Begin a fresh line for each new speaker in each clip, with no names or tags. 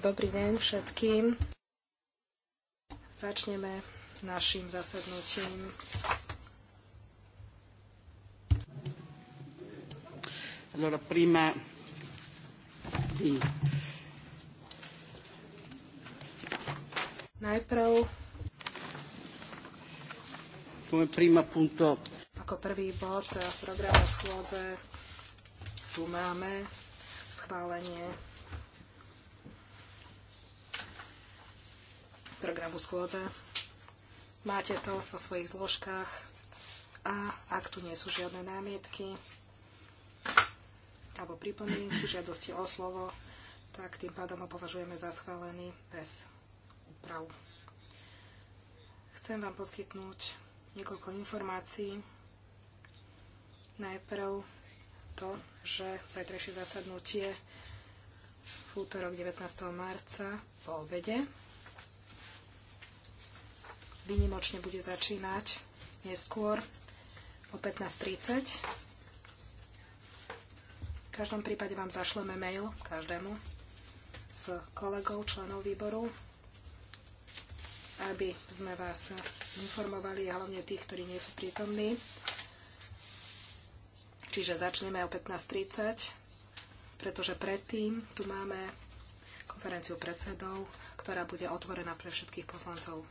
Dobrý deň
všetkým. Začneme našim zasadnutím.
Allora, prima di...
Najprv come primo appunto
ako prvý bod programu schôdze tu máme schválenie programu schôdze. Máte to vo svojich zložkách a ak tu nie sú žiadne námietky alebo pripomienky, žiadosti o slovo, tak tým pádom ho považujeme za schválený bez úprav. Chcem vám poskytnúť niekoľko informácií. Najprv to, že zajtrajšie zasadnutie v útorok 19. marca po obede vynimočne bude začínať neskôr o 15.30. V každom prípade vám zašleme mail každému s kolegov, členov výboru, aby sme vás informovali, hlavne tých, ktorí nie sú prítomní, Čiže začneme o 15.30, pretože predtým tu máme konferenciu predsedov, ktorá bude otvorená pre všetkých poslancov.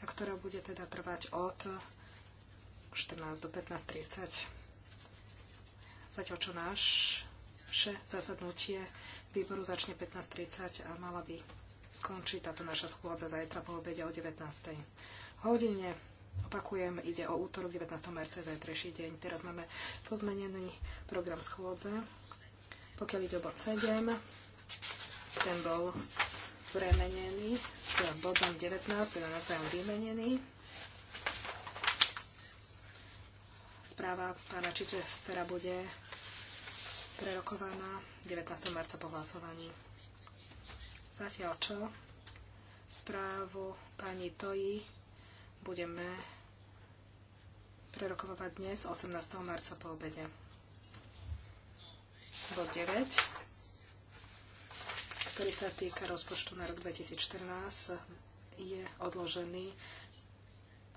A ktorá bude teda trvať od 14 do 15.30. Zatiaľ čo naše zasadnutie výboru začne 15.30 a mala by skončiť táto naša schôdza zajtra po obede o 19.00 hodine. Opakujem, ide o útorok 19. marca, zajtrajší deň. Teraz máme pozmenený program schôdze. Pokiaľ ide o bod 7, ten bol premenený s bodom 19, teda celom vymenený. Správa pána Čičestera bude prerokovaná 19. marca po hlasovaní. Zatiaľ čo? Správu pani Toji budeme prerokovať dnes 18. marca po obede. Bod 9, ktorý sa týka rozpočtu na rok 2014, je odložený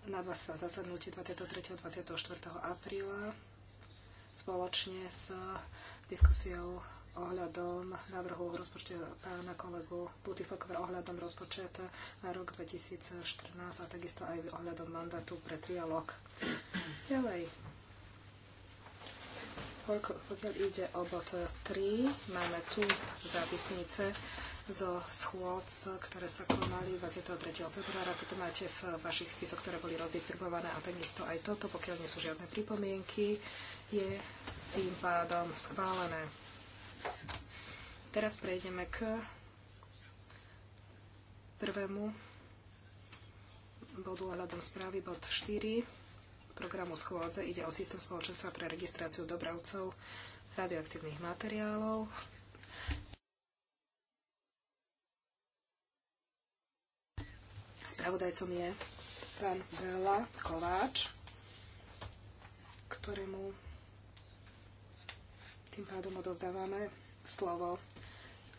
na 20. zasadnutie 23. a 24. apríla spoločne s diskusiou ohľadom návrhu rozpočtu pána kolegu Butifokova ohľadom rozpočet na rok 2014 a takisto aj ohľadom mandátu pre trialog. Ďalej. Pokiaľ ide o bod 3, máme tu zápisnice zo schôdz, ktoré sa konali 23. februára. Toto máte v vašich spisoch, ktoré boli rozdistribuované a takisto aj toto, pokiaľ nie sú žiadne pripomienky, je tým pádom schválené. Teraz prejdeme k prvému bodu ohľadom správy, bod 4 programu schôdze. Ide o systém spoločenstva pre registráciu dobravcov radioaktívnych materiálov. Spravodajcom je pán Bela Kováč, ktorému tým pádom odozdávame slovo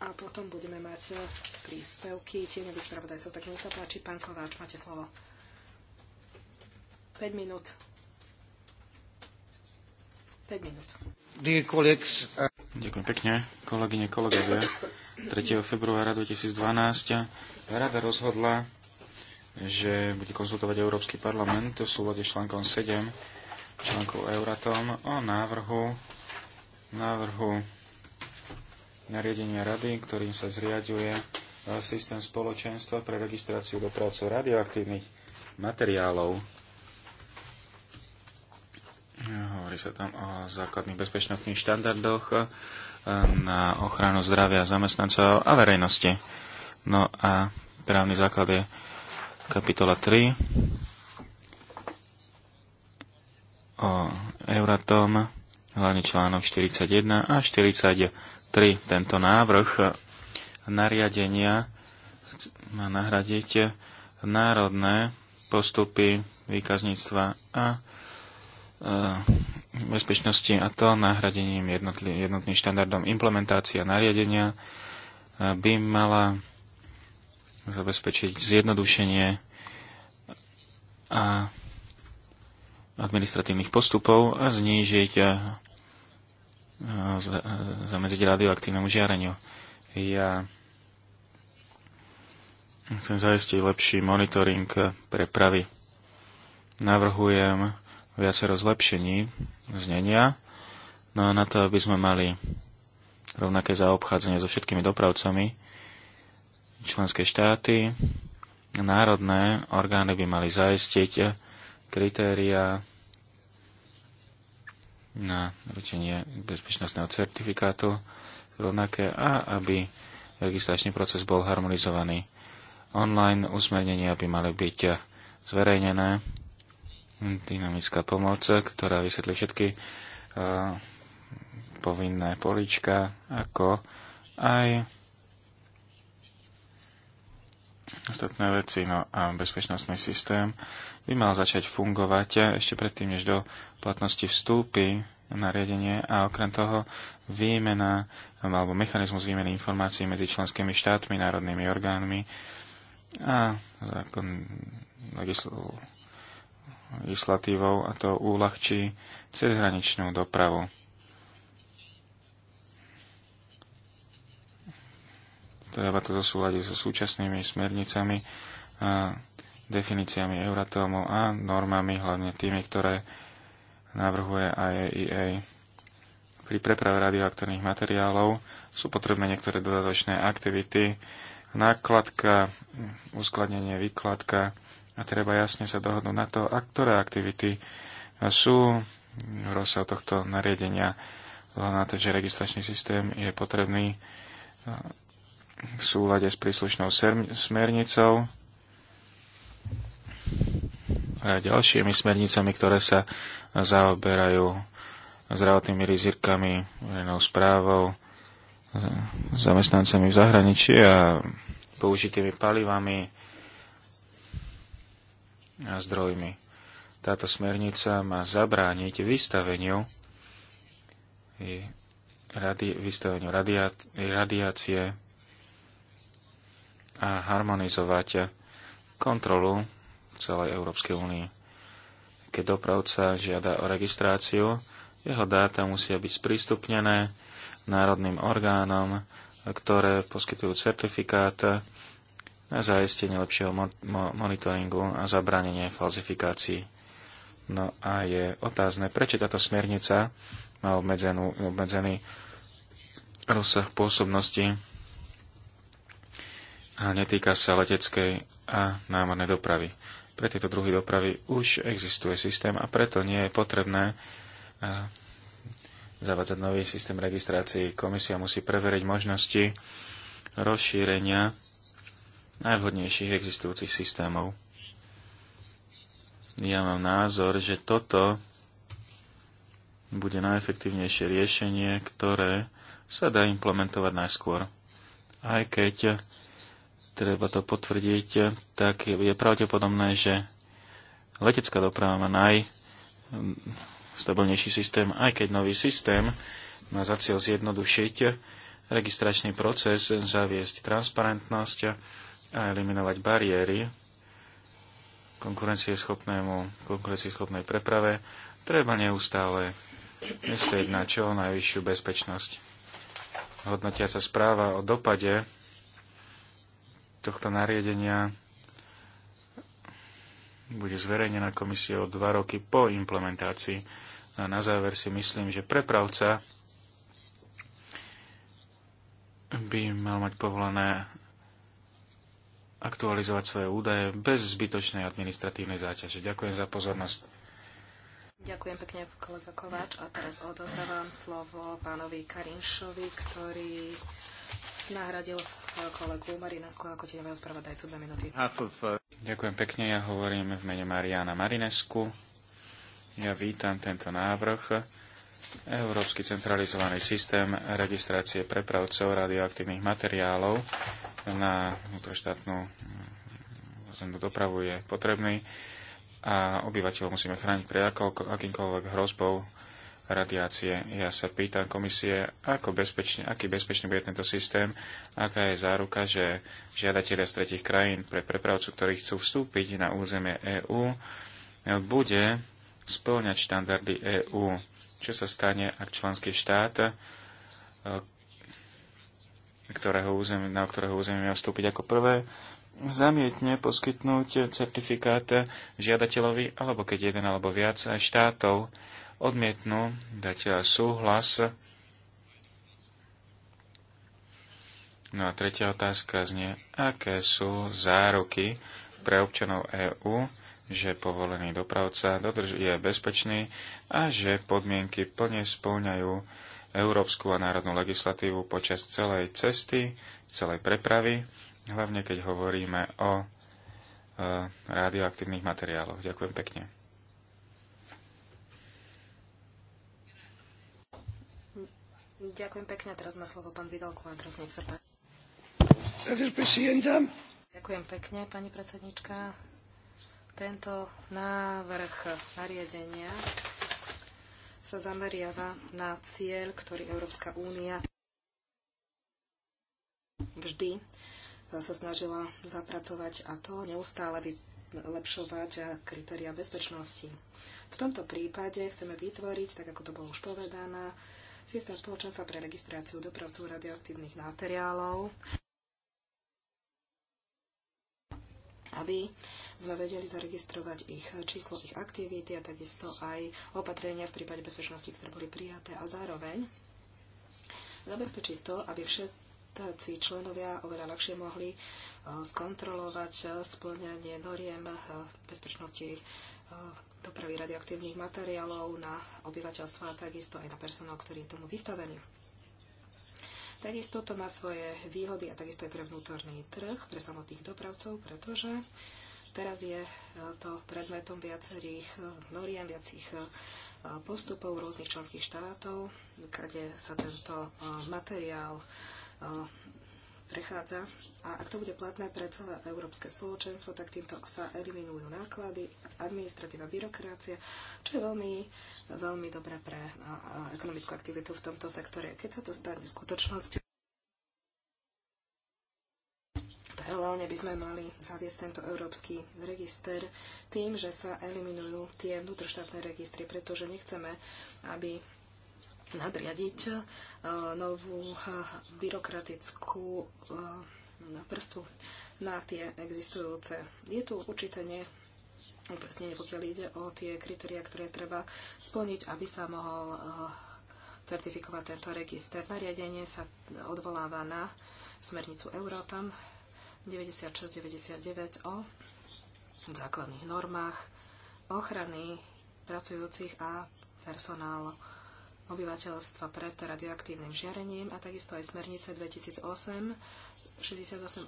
a potom budeme mať príspevky tieňových spravodajcov. Tak nech sa páči, pán Kováč, máte slovo. 5 minút. 5 minút.
Uh, Ďakujem pekne, kolegyne, kolegovia. 3. februára 2012 rada rozhodla, že bude konzultovať Európsky parlament v súlade s článkom 7 článkom Euratom o návrhu návrhu nariadenia rady, ktorým sa zriaďuje e, systém spoločenstva pre registráciu dopravcov radioaktívnych materiálov. Hovorí sa tam o základných bezpečnostných štandardoch e, na ochranu zdravia zamestnancov a verejnosti. No a právny základ je kapitola 3 o Euratom hlavne článok 41 a 43. Tento návrh nariadenia má nahradiť národné postupy výkazníctva a e, bezpečnosti a to nahradením jednotným štandardom implementácia nariadenia e, by mala zabezpečiť zjednodušenie a administratívnych postupov a znížiť a, eh, eh, zamedziť radioaktívnemu žiareniu. Ja chcem zajistiť lepší monitoring prepravy. Navrhujem viacero zlepšení znenia, no a na to, aby sme mali rovnaké zaobchádzanie so všetkými dopravcami, členské štáty, národné orgány by mali zaistiť kritéria na ručenie bezpečnostného certifikátu rovnaké a aby registračný proces bol harmonizovaný. Online usmernenia by mali byť zverejnené. Dynamická pomoc, ktorá vysvetlí všetky e, povinné polička, ako aj ostatné veci, no a bezpečnostný systém by mal začať fungovať eh, ešte predtým, než do platnosti vstúpi nariadenie a okrem toho výmena alebo mechanizmus výmeny informácií medzi členskými štátmi, národnými orgánmi a zákon, legislatívou a to uľahčí cezhraničnú dopravu. Treba to zosúľadiť so súčasnými smernicami a definíciami Euratomu a normami, hlavne tými, ktoré navrhuje IAEA. E Pri preprave radioaktívnych materiálov sú potrebné niektoré dodatočné aktivity, nákladka, uskladnenie, výkladka a treba jasne sa dohodnúť na to, a ktoré aktivity sú v rozsahu tohto nariadenia. Na to, že registračný systém je potrebný v súlade s príslušnou smernicou ďalšími smernicami, ktoré sa zaoberajú zdravotnými rizikami, verejnou správou, zamestnancami v zahraničí a použitými palivami a zdrojmi. Táto smernica má zabrániť vystaveniu radi, vystaveniu radiá, radiácie a harmonizovať kontrolu celej Európskej únii. Keď dopravca žiada o registráciu, jeho dáta musia byť sprístupnené národným orgánom, ktoré poskytujú certifikát na zaistenie lepšieho monitoringu a zabranenie falzifikácií. No a je otázne, prečo táto smernica má obmedzenú, obmedzený rozsah pôsobnosti a netýka sa leteckej a námornej dopravy. Pre tieto druhy dopravy už existuje systém a preto nie je potrebné eh, zavádzať nový systém registrácií. Komisia musí preveriť možnosti rozšírenia najvhodnejších existujúcich systémov. Ja mám názor, že toto bude najefektívnejšie riešenie, ktoré sa dá implementovať najskôr. Aj keď treba to potvrdiť, tak je pravdepodobné, že letecká doprava má najstabilnejší systém, aj keď nový systém má za cieľ zjednodušiť registračný proces, zaviesť transparentnosť a eliminovať bariéry konkurencieschopnému, konkurencieschopnej preprave, treba neustále myslieť na čo najvyššiu bezpečnosť. Hodnotia sa správa o dopade tohto nariadenia bude zverejnená o dva roky po implementácii. No a na záver si myslím, že prepravca by mal mať povolené aktualizovať svoje údaje bez zbytočnej administratívnej záťaže. Ďakujem za pozornosť.
Ďakujem pekne, kolega Kováč. A teraz odovzdávam slovo pánovi Karinšovi, ktorý nahradil kolegu Marinesku ako tieňového spravodajcu dve minúty.
Uh, Ďakujem pekne, ja hovorím v mene Mariana Marinesku. Ja vítam tento návrh. Európsky centralizovaný systém registrácie prepravcov radioaktívnych materiálov na vnútroštátnu zemnú mm, dopravu je potrebný a obyvateľov musíme chrániť pred akýmkoľvek hrozbou radiácie. Ja sa pýtam komisie, ako bezpečne, aký bezpečný bude tento systém, aká je záruka, že žiadatelia z tretich krajín pre prepravcu, ktorí chcú vstúpiť na územie EÚ, bude spĺňať štandardy EÚ. Čo sa stane, ak členský štát, e, ktorého územie, na ktorého územie má vstúpiť ako prvé, zamietne poskytnúť certifikát žiadateľovi, alebo keď jeden alebo viac štátov odmietnú dať eh, súhlas. No a tretia otázka znie, aké sú záruky pre občanov EÚ, že povolený dopravca je bezpečný a že podmienky plne spĺňajú európsku a národnú legislatívu počas celej cesty, celej prepravy, hlavne keď hovoríme o eh, radioaktívnych materiáloch. Ďakujem pekne.
Ďakujem pekne. Teraz má slovo pán Vidal Quadros. Nech sa páči. Ďakujem pekne, pani predsednička. Tento návrh nariadenia sa zameriava na cieľ, ktorý Európska únia vždy sa snažila zapracovať a to neustále vylepšovať kritéria bezpečnosti. V tomto prípade chceme vytvoriť, tak ako to bolo už povedané, systém spoločenstva pre registráciu dopravcov radioaktívnych materiálov, aby sme vedeli zaregistrovať ich číslo, ich aktivity a takisto aj opatrenia v prípade bezpečnosti, ktoré boli prijaté a zároveň zabezpečiť to, aby všetko si členovia oveľa ľahšie mohli e, skontrolovať e, splňanie noriem e, bezpečnosti dopravy radioaktívnych materiálov na obyvateľstvo a takisto aj na personál, ktorý je tomu vystavený. Takisto to má svoje výhody a takisto aj pre vnútorný trh, pre samotných dopravcov, pretože teraz je to predmetom viacerých noriem, viacich postupov rôznych členských štátov, kde sa tento materiál prechádza. A ak to bude platné pre celé európske spoločenstvo, tak týmto sa eliminujú náklady, administratíva, byrokracia, čo je veľmi, veľmi dobré pre ekonomickú aktivitu v tomto sektore. Keď sa to stane skutočnosťou, Paralelne by sme mali zaviesť tento európsky register tým, že sa eliminujú tie vnútroštátne registry, pretože nechceme, aby nadriadiť e, novú e, byrokratickú vrstvu e, na tie existujúce. Je tu určité upresnenie, pokiaľ ide o tie kritéria, ktoré treba splniť, aby sa mohol certifikovať tento register. Nariadenie sa odvoláva na smernicu Eurotam 96-99 o základných normách ochrany pracujúcich a personálu obyvateľstva pred radioaktívnym žiarením a takisto aj smernice 2008-68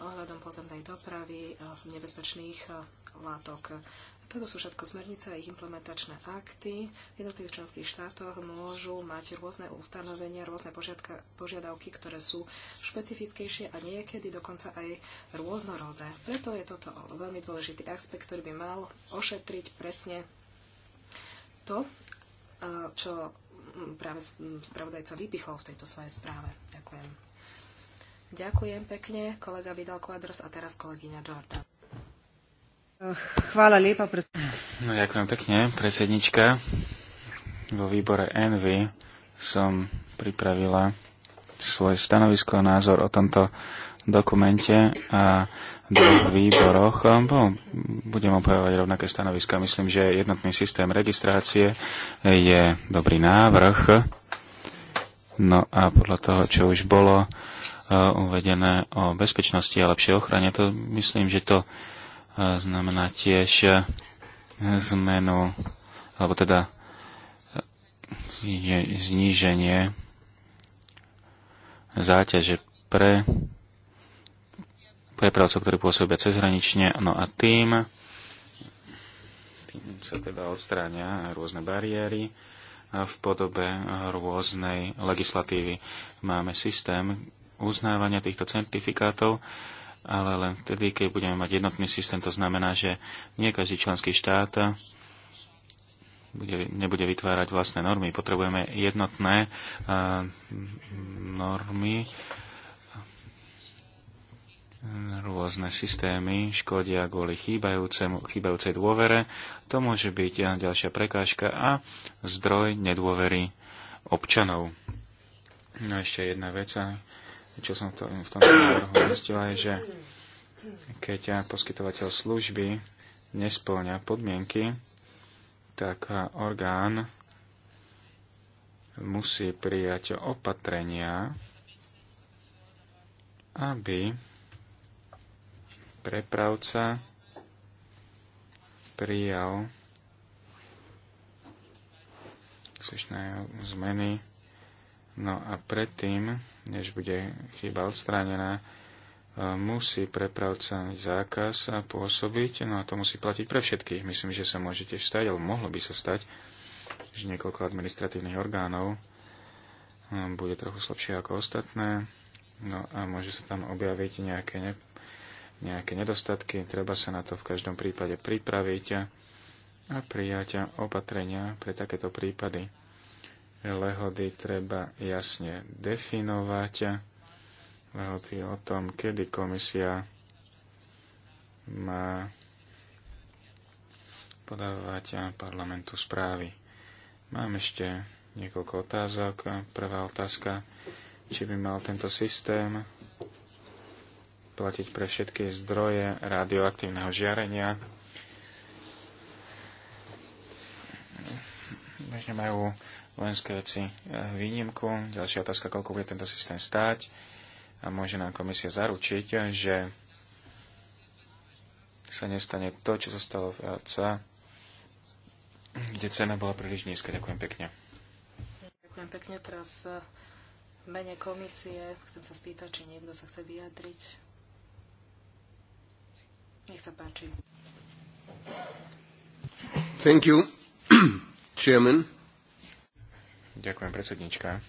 ohľadom pozemnej dopravy eh, nebezpečných eh, látok. Toto sú všetko smernice a ich implementačné akty. V jednotlivých členských štátoch môžu mať rôzne ustanovenia, rôzne požiadka, požiadavky, ktoré sú špecifickejšie a niekedy dokonca aj rôznorodé. Preto je toto veľmi dôležitý aspekt, ktorý by mal ošetriť presne to, eh, čo práve spravodajca vypichol v tejto svojej správe. Ďakujem. Ďakujem pekne, kolega Vidal Quadros a teraz kolegyňa Jordan.
Chvála lepa. Pre...
No, ďakujem pekne, predsednička. Vo výbore Envy som pripravila svoje stanovisko a názor o tomto dokumente a dvoch výboroch No, budem obhajovať rovnaké stanoviska. Myslím, že jednotný systém registrácie je dobrý návrh. No a podľa toho, čo už bolo eh, uvedené o bezpečnosti a lepšej ochrane, to myslím, že to eh, znamená tiež eh, zmenu, alebo teda zníženie záťaže pre prepravcov, ktorí pôsobia cezhranične. No a tým, tým sa teda odstráňa rôzne bariéry v podobe rôznej legislatívy. Máme systém uznávania týchto certifikátov, ale len vtedy, keď budeme mať jednotný systém, to znamená, že nie každý členský štát bude, nebude vytvárať vlastné normy. Potrebujeme jednotné uh, normy, rôzne systémy škodia kvôli chýbajúcej dôvere. To môže byť eh, ďalšia prekážka a zdroj nedôvery občanov. No ešte jedna vec, eh, čo som to, v tomto návrhu zistila, je, že keď eh, poskytovateľ služby nesplňa podmienky, tak orgán musí prijať opatrenia, aby prepravca prijal slyšné zmeny. No a predtým, než bude chyba odstránená, e, musí prepravca zákaz a pôsobiť, no a to musí platiť pre všetkých. Myslím, že sa môže tiež stať, alebo mohlo by sa stať, že niekoľko administratívnych orgánov e, bude trochu slabšie ako ostatné, no a môže sa tam objaviť nejaké nejaké nedostatky, treba sa na to v každom prípade pripraviť a prijať opatrenia pre takéto prípady. Lehody treba jasne definovať, lehody o tom, kedy komisia má podávať parlamentu správy. Mám ešte niekoľko otázok. Prvá otázka, či by mal tento systém platiť pre všetky zdroje radioaktívneho žiarenia. Bežne majú vojenské veci e, výnimku. Ďalšia otázka, koľko bude tento systém stáť a môže nám komisia zaručiť, že sa nestane to, čo sa stalo v LC, e kde cena bola príliš nízka. Ďakujem pekne.
Ďakujem pekne. Teraz e, v mene komisie chcem sa spýtať, či niekto sa chce vyjadriť. Nech sa páči.
Thank you, chairman. Ďakujem, predsednička.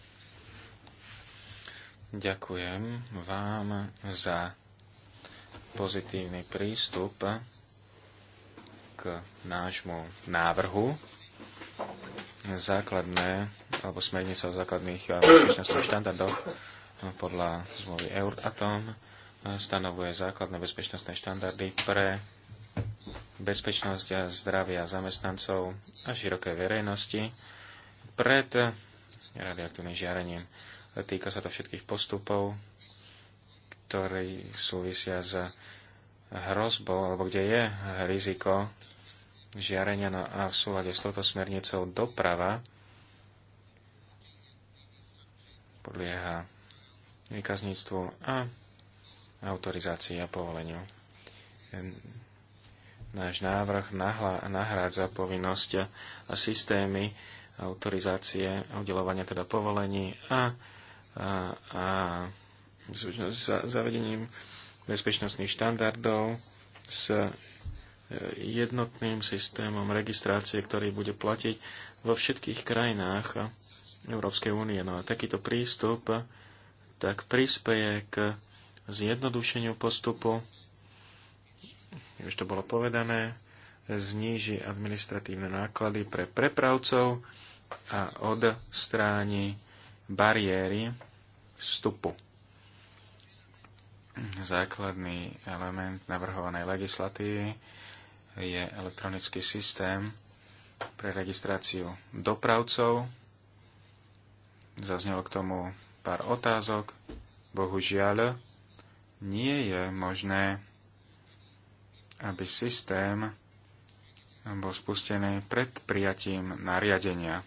Ďakujem vám za pozitívny prístup k nášmu návrhu základné, alebo smernice o základných bezpečnostných štandardoch podľa zmluvy Euratom stanovuje základné bezpečnostné štandardy pre bezpečnosť a zdravia zamestnancov a širokej verejnosti pred radioaktívnym žiarením. Týka sa to všetkých postupov, ktoré súvisia s hrozbou, alebo kde je riziko žiarenia no a v súlade s touto smernicou doprava podlieha výkazníctvu a autorizácii a povoleniu. Náš návrh nahrádza povinnosť a systémy autorizácie, udelovania teda povolení a, a, a zavedením bezpečnostných štandardov s e, jednotným systémom registrácie, ktorý bude platiť vo všetkých krajinách Európskej únie. No a takýto prístup tak prispieje k zjednodušeniu postupu, už to bolo povedané, zníži administratívne náklady pre prepravcov a odstráni bariéry vstupu. Základný element navrhovanej legislatívy je elektronický systém pre registráciu dopravcov. Zaznelo k tomu pár otázok. Bohužiaľ, nie je možné, aby systém bol spustený pred prijatím nariadenia.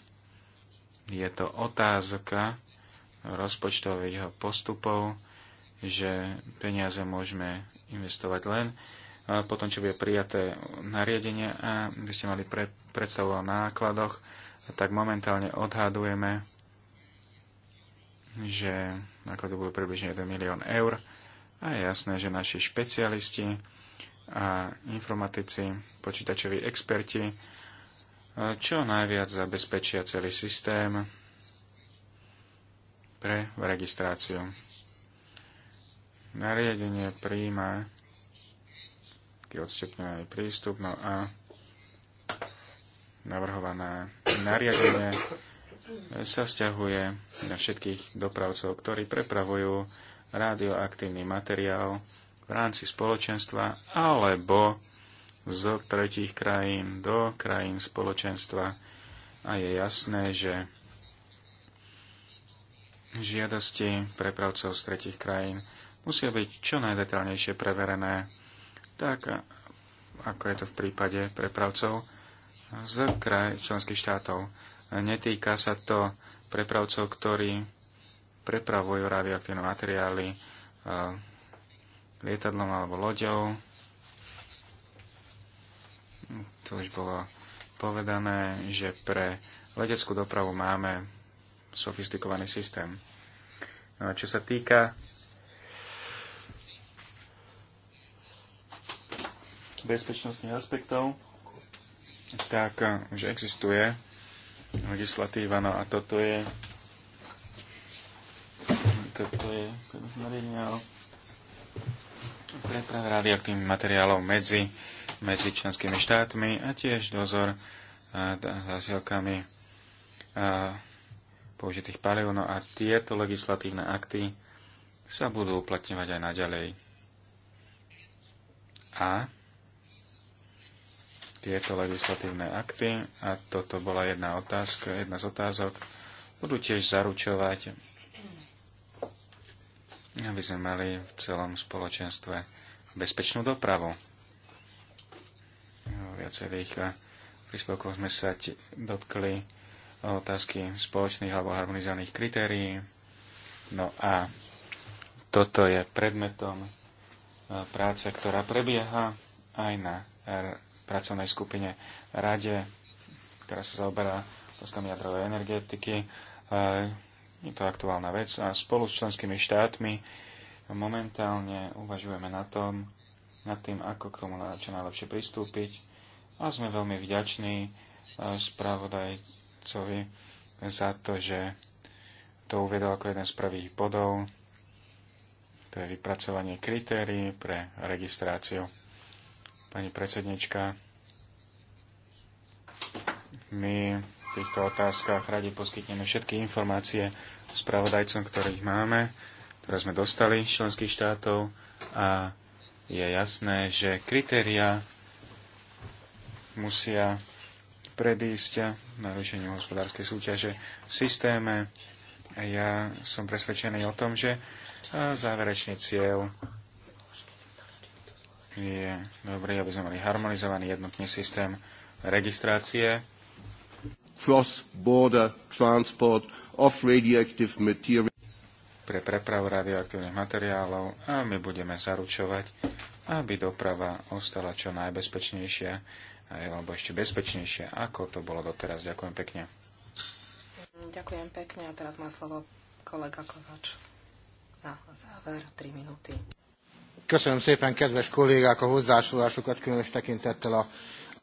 Je to otázka rozpočtových postupov, že peniaze môžeme investovať len po tom, čo bude prijaté nariadenie a by ste mali pre, predstavu o nákladoch, tak momentálne odhadujeme, že náklady budú približne 1 milión eur a je jasné, že naši špecialisti a informatici, počítačoví experti e, čo najviac zabezpečia celý systém pre registráciu. Nariadenie príjma odstupňuje odstupňovaný prístup, no a navrhované nariadenie sa vzťahuje na všetkých dopravcov, ktorí prepravujú radioaktívny materiál v rámci spoločenstva alebo z tretích krajín do krajín spoločenstva a je jasné, že žiadosti prepravcov z tretich krajín musia byť čo najdetálnejšie preverené, tak ako je to v prípade prepravcov z kraj členských štátov. Netýka sa to prepravcov, ktorí prepravujú radioaktívne materiály e, lietadlom alebo loďou. Tu už bolo povedané, že pre leteckú dopravu máme sofistikovaný systém. No a čo sa týka bezpečnostných aspektov, tak už existuje legislatíva, no a toto je to je zmerenia o preprave radioaktívnym materiálom medzi, medzi členskými štátmi a tiež dozor nad zásielkami použitých palív. No a tieto legislatívne akty sa budú uplatňovať aj naďalej. A tieto legislatívne akty, a toto bola jedna, otázka, jedna z otázok, budú tiež zaručovať aby sme mali v celom spoločenstve bezpečnú dopravu. V viacerých eh, príspevkoch sme sa dotkli eh, otázky spoločných alebo harmonizovaných kritérií. No a toto je predmetom eh, práce, ktorá prebieha aj na pracovnej skupine Rade, ktorá sa zaoberá otázkami jadrovej energetiky je to aktuálna vec a spolu s členskými štátmi momentálne uvažujeme na tom, nad tým, ako k tomu na čo najlepšie pristúpiť a sme veľmi vďační e, spravodajcovi za to, že to uvedol ako jeden z prvých bodov. To je vypracovanie kritérií pre registráciu. Pani predsednička, my týchto otázkach. Radi poskytneme všetky informácie spravodajcom, ktorých máme, ktoré sme dostali z členských štátov a je jasné, že kritéria musia predísť narušeniu hospodárskej súťaže v systéme. A ja som presvedčený o tom, že záverečný cieľ je dobrý, aby sme mali harmonizovaný jednotný systém registrácie cross-border transport of radioactive material pre prepravu radioaktívnych materiálov a my budeme zaručovať, aby doprava ostala čo najbezpečnejšia alebo ešte bezpečnejšia, ako to bolo doteraz. Ďakujem pekne.
Ďakujem pekne a teraz má slovo kolega Kovač. Na záver 3 minúty.
Köszönöm szépen, kedves kollégák, a hozzásolásokat különös tekintettel a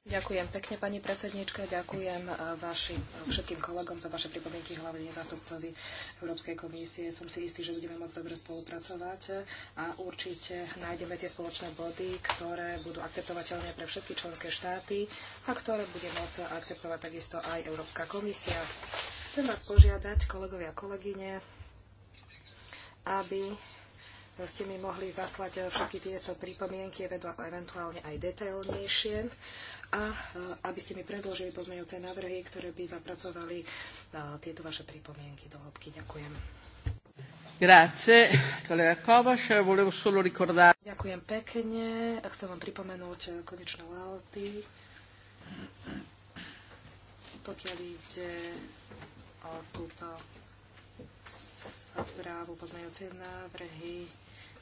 Ďakujem pekne, pani predsednička. Ďakujem e, vašim e, všetkým kolegom za vaše pripomienky, hlavne zástupcovi Európskej komisie. Som si istý, že budeme môcť dobre spolupracovať a určite nájdeme tie spoločné body, ktoré budú akceptovateľné pre všetky členské štáty a ktoré bude môcť akceptovať takisto aj Európska komisia. Chcem vás požiadať, kolegovia a kolegyne, aby ste mi mohli zaslať e, všetky tieto pripomienky, eventuálne aj detailnejšie a e, aby ste mi predložili pozmeňujúce návrhy, ktoré by zapracovali na e, tieto vaše pripomienky do hĺbky. Ďakujem.
Grazie, kolega Kovaš. Volevo solo ricordare.
Ďakujem pekne. A chcem vám pripomenúť konečné lauty. Pokiaľ ide o túto správu pozmeňujúce návrhy,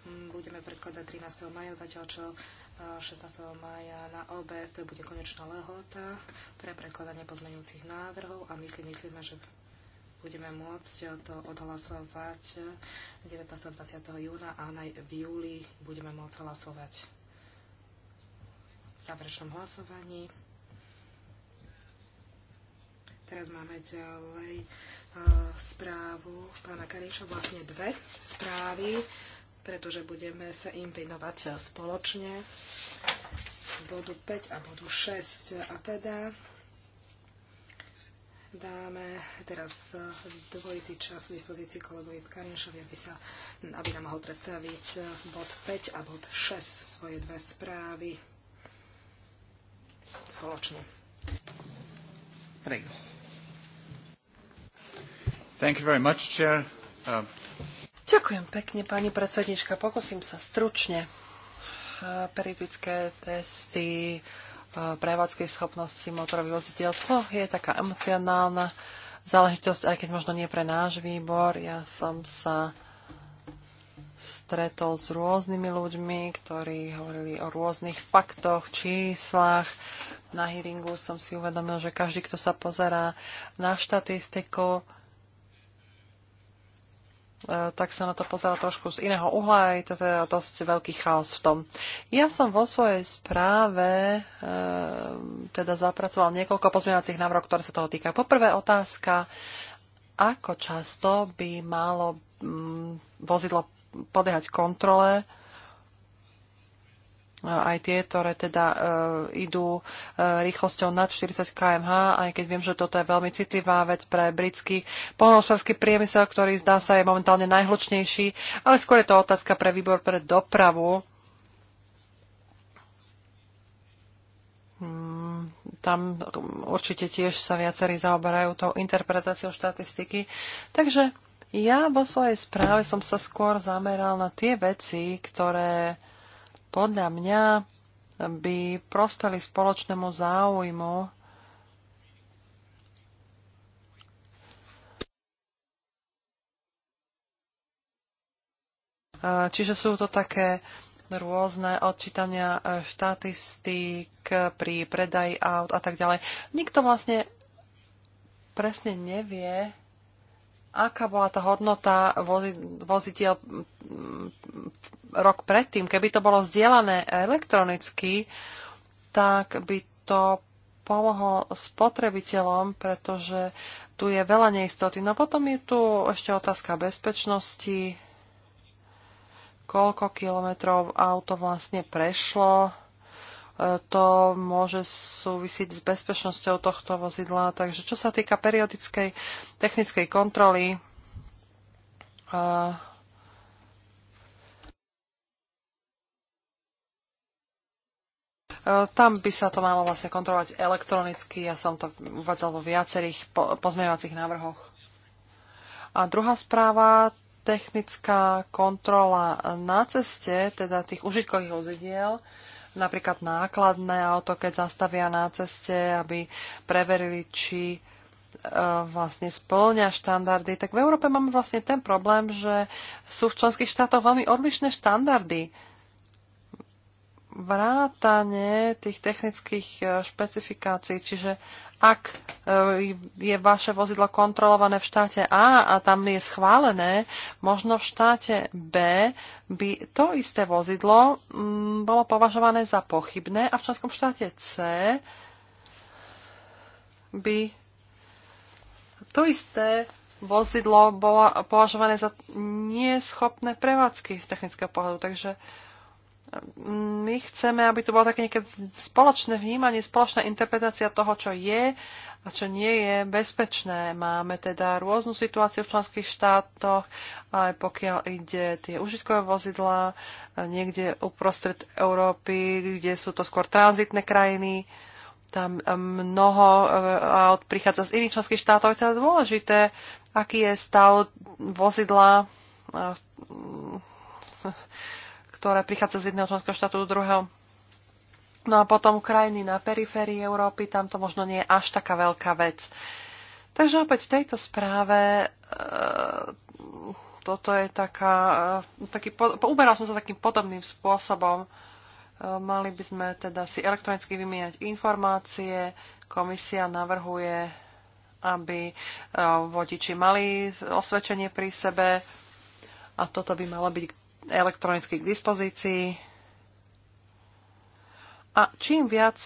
Hm, budeme predkladať 13. maja, zatiaľ čo 16. E, maja na obed bude konečná lehota pre prekladanie pozmeňujúcich návrhov a my si myslíme, že budeme môcť to odhlasovať 19. 20. júna a aj v júli budeme môcť hlasovať v záverečnom hlasovaní. Teraz máme ďalej e, správu pána Kariša, vlastne dve správy pretože budeme sa im venovať spoločne bodu 5 a bodu 6. A teda dáme teraz dvojitý čas v dispozícii kolegovi Karinšovi, aby, sa, aby nám mohol predstaviť bod 5 a bod 6 svoje dve správy
spoločne. Thank you very much, Chair. Uh, Ďakujem pekne, pani predsednička. Pokúsim sa stručne. Periodické testy eh, prevádzkej schopnosti motorových vozidel, to je taká emocionálna záležitosť, aj keď možno nie pre náš výbor. Ja som sa stretol s rôznymi ľuďmi, ktorí hovorili o rôznych faktoch, číslach. Na hearingu som si uvedomil, že každý, kto sa pozerá na štatistiku, E, tak sa na to pozerá trošku z iného uhla a je teda dosť veľký chaos v tom. Ja som vo svojej správe e, teda zapracoval niekoľko pozmeňovacích návrhov, ktoré sa toho týkajú. Poprvé otázka, ako často by malo mm, vozidlo podehať kontrole aj tie, ktoré teda uh, idú uh, rýchlosťou nad 40 kmh, aj keď viem, že toto je veľmi citlivá vec pre britský polnohospodársky priemysel, ktorý zdá sa je momentálne najhlučnejší, ale skôr je to otázka pre výbor pre dopravu. Hmm, tam určite tiež sa viacerí zaoberajú tou interpretáciou štatistiky. Takže ja vo svojej správe som sa skôr zameral na tie veci, ktoré podľa mňa by prospeli spoločnému záujmu e, Čiže sú to také rôzne odčítania e, štatistík e, pri predaji aut a tak ďalej. Nikto vlastne presne nevie, aká bola tá hodnota vozidiel mm, rok predtým. Keby to bolo vzdielané elektronicky, tak by to pomohlo spotrebiteľom, pretože tu je veľa neistoty. No potom je tu ešte otázka bezpečnosti, koľko kilometrov auto vlastne prešlo to môže súvisiť s bezpečnosťou tohto vozidla. Takže čo sa týka periodickej technickej kontroly, Tam by sa to malo vlastne kontrolovať elektronicky, ja som to uvádzal vo viacerých pozmeňovacích návrhoch. A druhá správa, technická kontrola na ceste, teda tých užitkových vozidiel napríklad nákladné auto, keď zastavia na ceste, aby preverili, či e, vlastne splňa štandardy, tak v Európe máme vlastne ten problém, že sú v členských štátoch veľmi odlišné štandardy. Vrátanie tých technických e, špecifikácií, čiže ak e, je vaše vozidlo kontrolované v štáte A a tam je schválené, možno v štáte B by to isté vozidlo mm, bolo považované za pochybné a v členskom štáte C by to isté vozidlo bolo považované za neschopné prevádzky z technického pohľadu. Takže uh, my chceme, aby to bolo také nejaké spoločné vnímanie, spoločná interpretácia toho, čo je a čo nie je bezpečné. Máme teda rôznu situáciu v členských štátoch, ale pokiaľ ide tie užitkové vozidlá niekde uprostred Európy, kde sú to skôr tranzitné krajiny, tam eh, mnoho eh, aut prichádza z iných členských štátov. Je teda dôležité, aký je stav vozidla mm, ktoré prichádza z jedného členského štátu do druhého. No a potom krajiny na periférii Európy, tam to možno nie je až taká veľká vec. Takže opäť v tejto správe e, toto je taká, e, taký, po, uberal som sa takým podobným spôsobom. E, mali by sme teda si elektronicky vymieňať informácie. Komisia navrhuje, aby e, vodiči mali osvedčenie pri sebe a toto by malo byť k elektronicky k dispozícii. A čím viac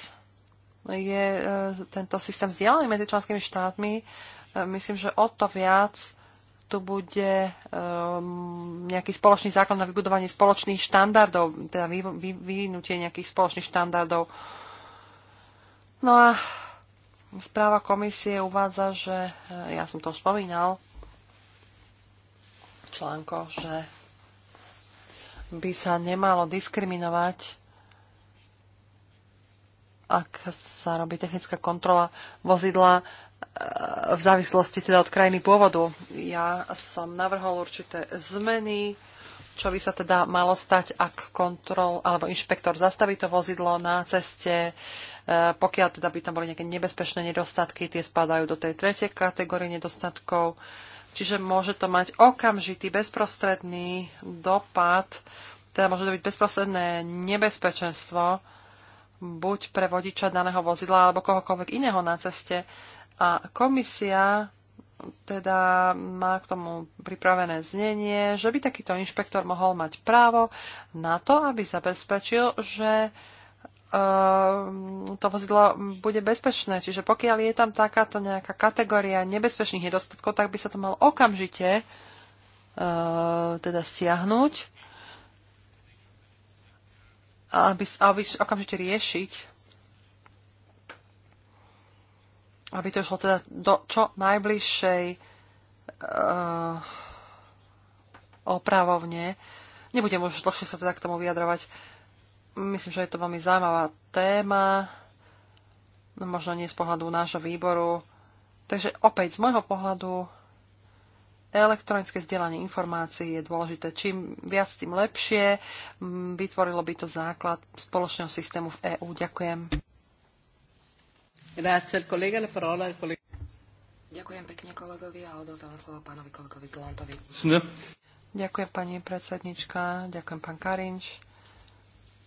je e, tento systém vzdialený medzi členskými štátmi, e, myslím, že o to viac tu bude e, nejaký spoločný základ na vybudovanie spoločných štandardov, teda vyvinutie nejakých spoločných štandardov. No a správa komisie uvádza, že ja som to už spomínal, článko, že by sa nemalo diskriminovať, ak sa robí technická kontrola vozidla e, v závislosti teda od krajiny pôvodu. Ja som navrhol určité zmeny, čo by sa teda malo stať, ak kontrol alebo inšpektor zastaví to vozidlo na ceste, e, pokiaľ teda by tam boli nejaké nebezpečné nedostatky, tie spadajú do tej tretej kategórie nedostatkov Čiže môže to mať okamžitý, bezprostredný dopad, teda môže to byť bezprostredné nebezpečenstvo, buď pre vodiča daného vozidla alebo kohokoľvek iného na ceste. A komisia teda má k tomu pripravené znenie, že by takýto inšpektor mohol mať právo na to, aby zabezpečil, že Ehm, to vozidlo bude bezpečné. Čiže pokiaľ je tam takáto nejaká kategória nebezpečných nedostatkov, tak by sa to malo okamžite ehm, teda stiahnuť a aby, aby okamžite riešiť, aby to šlo teda do čo najbližšej uh, opravovne. Nebudem už dlhšie sa teda k tomu vyjadrovať. Uh, Myslím, že je to veľmi zaujímavá téma, no možno nie z pohľadu nášho výboru. Takže opäť z môjho pohľadu elektronické zdieľanie informácií je dôležité. Čím viac, tým lepšie. Vytvorilo by to základ spoločného systému v EÚ. Ďakujem.
Ďakujem pekne kolegovi a odovzdám slovo pánovi kolegovi Glantovi.
Ďakujem pani predsednička, ďakujem pán Karinč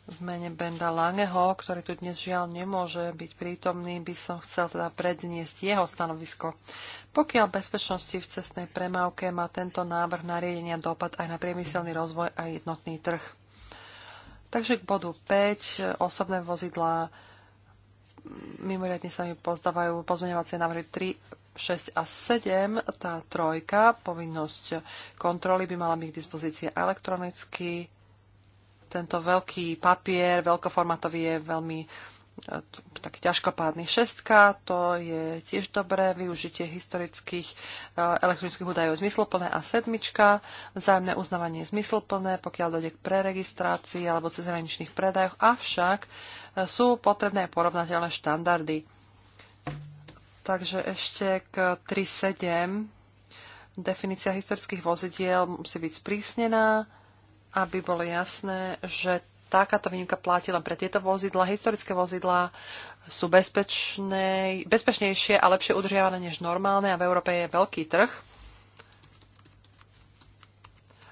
v mene Benda Langeho, ktorý tu dnes žiaľ nemôže byť prítomný, by som chcel teda predniesť jeho stanovisko. Pokiaľ bezpečnosti v cestnej premávke má tento návrh nariadenia dopad aj na priemyselný rozvoj a jednotný trh. Takže k bodu 5. Osobné vozidlá mimoriadne sa mi pozdávajú pozmeňovacie návrhy 3, 6 a 7. Tá trojka, povinnosť kontroly by mala byť k dispozícii elektronicky, tento veľký papier, veľkoformatový je veľmi e, taký ťažkopádny. Šestka, to je tiež dobré, využitie historických e, elektronických údajov je zmysluplné a sedmička, vzájomné uznávanie je zmysluplné, pokiaľ dojde k preregistrácii alebo cezhraničných predajoch, avšak e, sú potrebné porovnateľné štandardy. Takže ešte k 3.7. Definícia historických vozidiel musí byť sprísnená aby bolo jasné, že takáto výnimka platí len pre tieto vozidla. Historické vozidla sú bezpečné, bezpečnejšie a lepšie udržiavané než normálne a v Európe je veľký trh.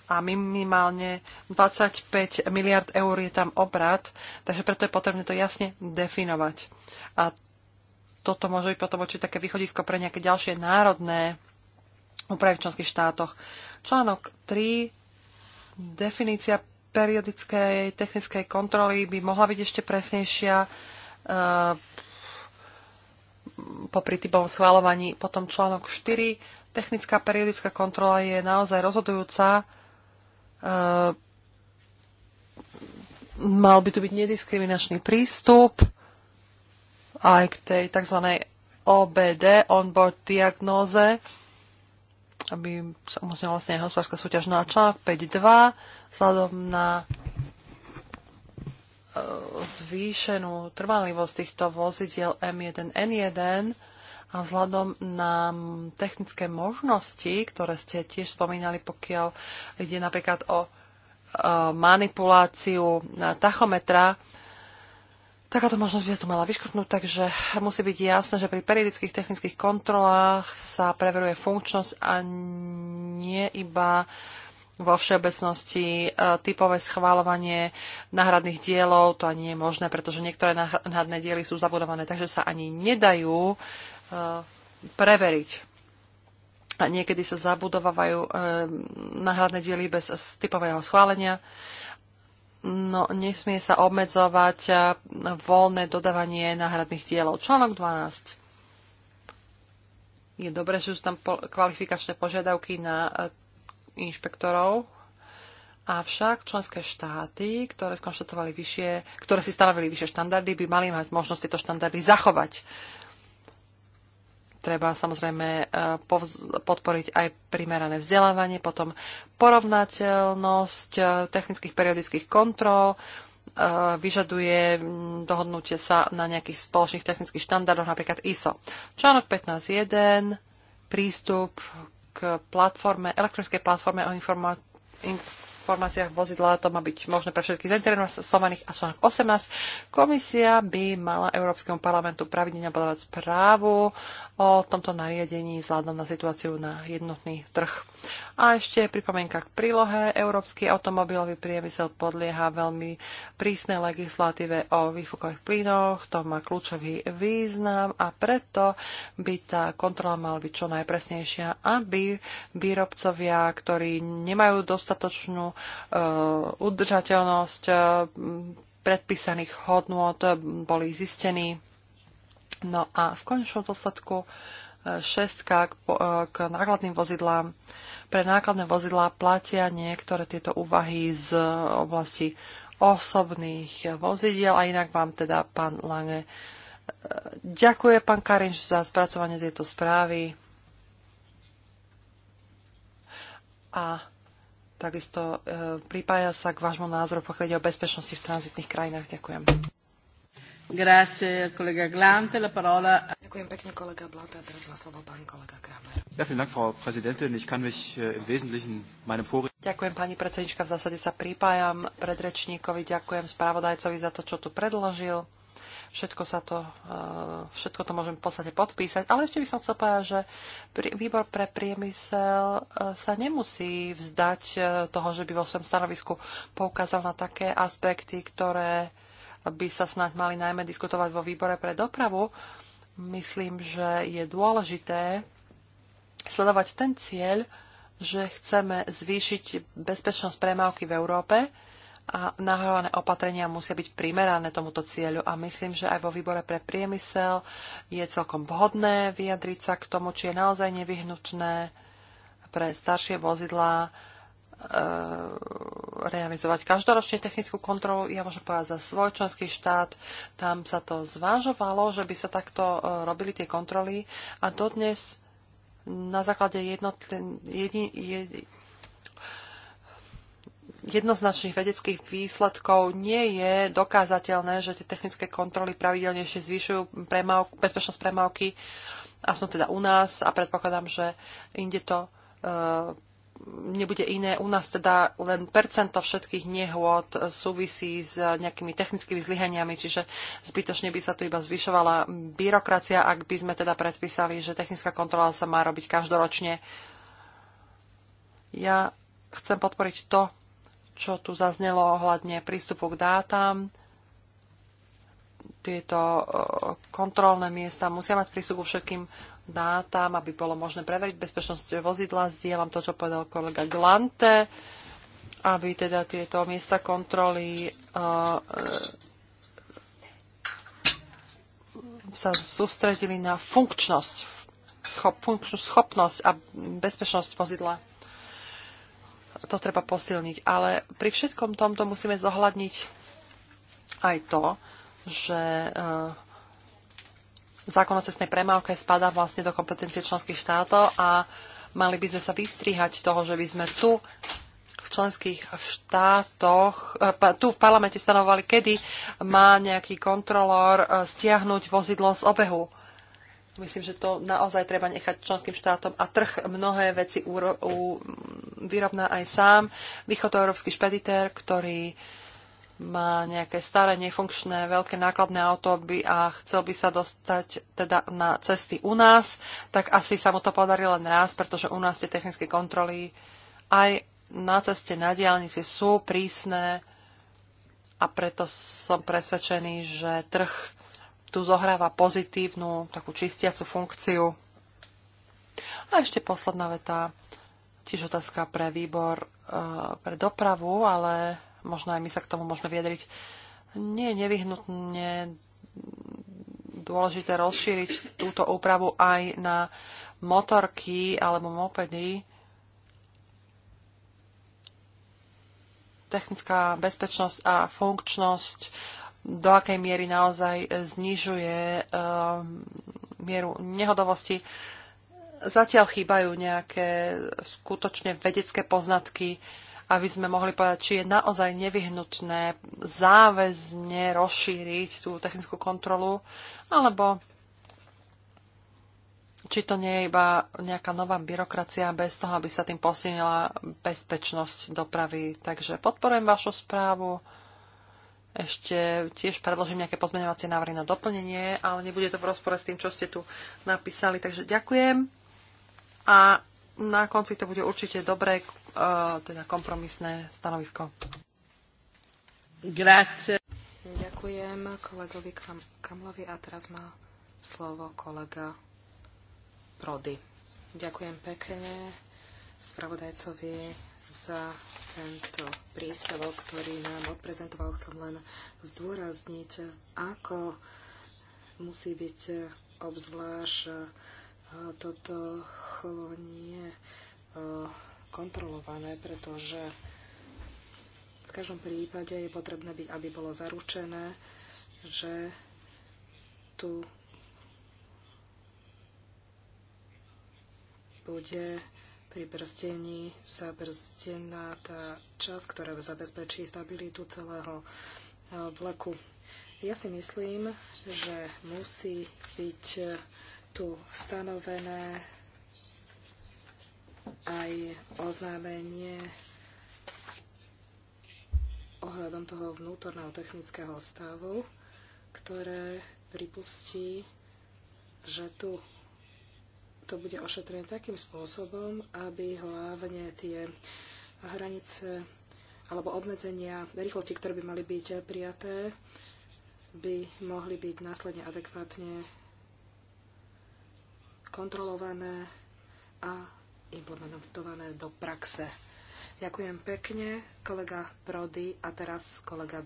A minimálne 25 miliard eur je tam obrad, takže preto je potrebné to jasne definovať. A toto môže byť potom určite také východisko pre nejaké ďalšie národné úpravy v členských štátoch. Článok 3 Definícia periodickej technickej kontroly by mohla byť ešte presnejšia e, popri typovom schváľovaní. Potom článok 4. Technická periodická kontrola je naozaj rozhodujúca. E, mal by tu byť nediskriminačný prístup aj k tej tzv. OBD, onboard diagnoze. diagnóze aby sa umožnila vlastne aj hospodárska súťaž. No a článok 5.2 vzhľadom na e, zvýšenú trvanlivosť týchto vozidiel M1, N1 a vzhľadom na technické možnosti, ktoré ste tiež spomínali, pokiaľ ide napríklad o e, manipuláciu tachometra, Takáto možnosť by sa tu mala vyškrtnúť, takže musí byť jasné, že pri periodických technických kontrolách sa preveruje funkčnosť a nie iba vo všeobecnosti e, typové schváľovanie náhradných dielov, to ani nie je možné, pretože niektoré náhradné diely sú zabudované, takže sa ani nedajú e, preveriť. A niekedy sa zabudovávajú e, náhradné diely bez typového schválenia. No, nesmie sa obmedzovať eh, voľné dodávanie náhradných dielov. Článok 12. Je dobré, že sú tam kvalifikačné požiadavky na eh, inšpektorov, avšak členské štáty, ktoré skonštatovali vyššie, ktoré si stanovili vyššie štandardy, by mali mať možnosť tieto štandardy zachovať. Treba samozrejme e, podporiť aj primerané vzdelávanie, potom porovnateľnosť e, technických periodických kontrol, e, vyžaduje dohodnutie sa na nejakých spoločných technických štandardoch, napríklad ISO. Článok 15.1, prístup k platforme, elektronickej platforme o informa- in- informáciách vozidla, to má byť možné pre všetkých zainteresovaných a článok 18. Komisia by mala Európskemu parlamentu pravidelne podávať správu o tomto nariadení vzhľadom na situáciu na jednotný trh. A ešte pripomienka k prílohe. Európsky automobilový priemysel podlieha veľmi prísnej legislatíve o výfukových plynoch. To má kľúčový význam a preto by tá kontrola mala byť čo najpresnejšia, aby výrobcovia, ktorí nemajú dostatočnú Eh, udržateľnosť eh, predpísaných hodnôt, eh, boli zistení. No a v konečnom dôsledku šestka k, k nákladným vozidlám. Pre nákladné vozidlá platia niektoré tieto úvahy z oblasti osobných vozidiel a inak vám teda pán Lange ďakuje pán Karinš za spracovanie tejto správy a takisto e, pripája sa k vášmu názoru, pokiaľ ide o bezpečnosti v tranzitných krajinách. Ďakujem. Grazie, kolega Glante, la
parola. Ďakujem pekne, kolega Blante. A teraz má slovo pán kolega Kramer.
Ja, vielen Dank, Frau Präsidentin. Ich kann mich äh, im Wesentlichen meinem Vor
Ďakujem, pani predsednička. V zásade sa pripájam predrečníkovi. Ďakujem spravodajcovi za to, čo tu predložil. Všetko, sa to, eh, všetko to môžem v podstate podpísať. Ale ešte by som chcel povedať, že výbor pre priemysel eh, sa nemusí vzdať eh, toho, že by vo svojom stanovisku poukázal na také aspekty, ktoré by sa snáď mali najmä diskutovať vo výbore pre dopravu. Myslím, že je dôležité sledovať ten cieľ, že chceme zvýšiť bezpečnosť premávky v Európe a nahrávané opatrenia musia byť primerané tomuto cieľu a myslím, že aj vo výbore pre priemysel je celkom vhodné vyjadriť sa k tomu, či je naozaj nevyhnutné pre staršie vozidlá e, realizovať každoročne technickú kontrolu. Ja môžem povedať za svoj členský štát, tam sa to zvážovalo, že by sa takto e, robili tie kontroly a dodnes na základe jednotlivých jedin- jedin- jednoznačných vedeckých výsledkov nie je dokázateľné, že tie technické kontroly pravidelnejšie zvyšujú premávku, bezpečnosť premávky, aspoň teda u nás a predpokladám, že inde to e, nebude iné. U nás teda len percento všetkých nehôd súvisí s nejakými technickými zlyhaniami, čiže zbytočne by sa tu iba zvyšovala byrokracia, ak by sme teda predpísali, že technická kontrola sa má robiť každoročne. Ja chcem podporiť to, čo tu zaznelo ohľadne prístupu k dátam. Tieto e, kontrolné miesta musia mať prístup ku všetkým dátam, aby bolo možné preveriť bezpečnosť vozidla. Zdieľam to, čo povedal kolega Glante, aby teda tieto miesta kontroly e, e, sa sústredili na funkčnosť, schop, funkčnú schopnosť a bezpečnosť vozidla to treba posilniť. Ale pri všetkom tomto musíme zohľadniť aj to, že e, zákon o cestnej premávke spadá vlastne do kompetencie členských štátov a mali by sme sa vystrihať toho, že by sme tu v členských štátoch, e, tu v parlamente stanovali, kedy má nejaký kontrolór e, stiahnuť vozidlo z obehu. Myslím, že to naozaj treba nechať členským štátom a trh mnohé veci úro, u, vyrovná aj sám. Východoeurópsky špeditér, ktorý má nejaké staré, nefunkčné, veľké nákladné auto by a chcel by sa dostať teda na cesty u nás, tak asi sa mu to podarí len raz, pretože u nás tie technické kontroly aj na ceste na diálnici sú prísne a preto som presvedčený, že trh tu zohráva pozitívnu, takú čistiacu funkciu. A ešte posledná veta, tiež otázka pre výbor e, pre dopravu, ale možno aj my sa k tomu môžeme vyjadriť. Nie je nevyhnutne dôležité rozšíriť túto úpravu aj na motorky alebo mopedy. Technická bezpečnosť a funkčnosť do akej miery naozaj znižuje eh, mieru nehodovosti. Zatiaľ chýbajú nejaké skutočne vedecké poznatky, aby sme mohli povedať, či je naozaj nevyhnutné záväzne rozšíriť tú technickú kontrolu, alebo či to nie je iba nejaká nová byrokracia bez toho, aby sa tým posilnila bezpečnosť dopravy. Takže podporujem vašu správu ešte tiež predložím nejaké pozmeňovacie návrhy na doplnenie, ale nebude to v rozpore s tým, čo ste tu napísali. Takže ďakujem a na konci to bude určite dobré, eh, teda kompromisné stanovisko. Grazie.
Ďakujem kolegovi Kamlovi a teraz má slovo kolega Prody. Ďakujem pekne spravodajcovi za tento príspevok, ktorý nám odprezentoval. Chcem len zdôrazniť, ako musí byť obzvlášť e, toto chovanie e, kontrolované, pretože v každom prípade je potrebné, aby bolo zaručené, že tu bude pri brzdení zabrstená tá časť, ktorá zabezpečí stabilitu celého eh, vlaku. Ja si myslím, že musí byť eh, tu stanovené aj oznámenie ohľadom toho vnútorného technického stavu, ktoré pripustí, že tu to bude ošetrené takým spôsobom, aby hlavne tie hranice alebo obmedzenia rýchlosti, ktoré by mali byť prijaté, by mohli byť následne adekvátne kontrolované a implementované do praxe. Ďakujem pekne, kolega Prody a teraz kolega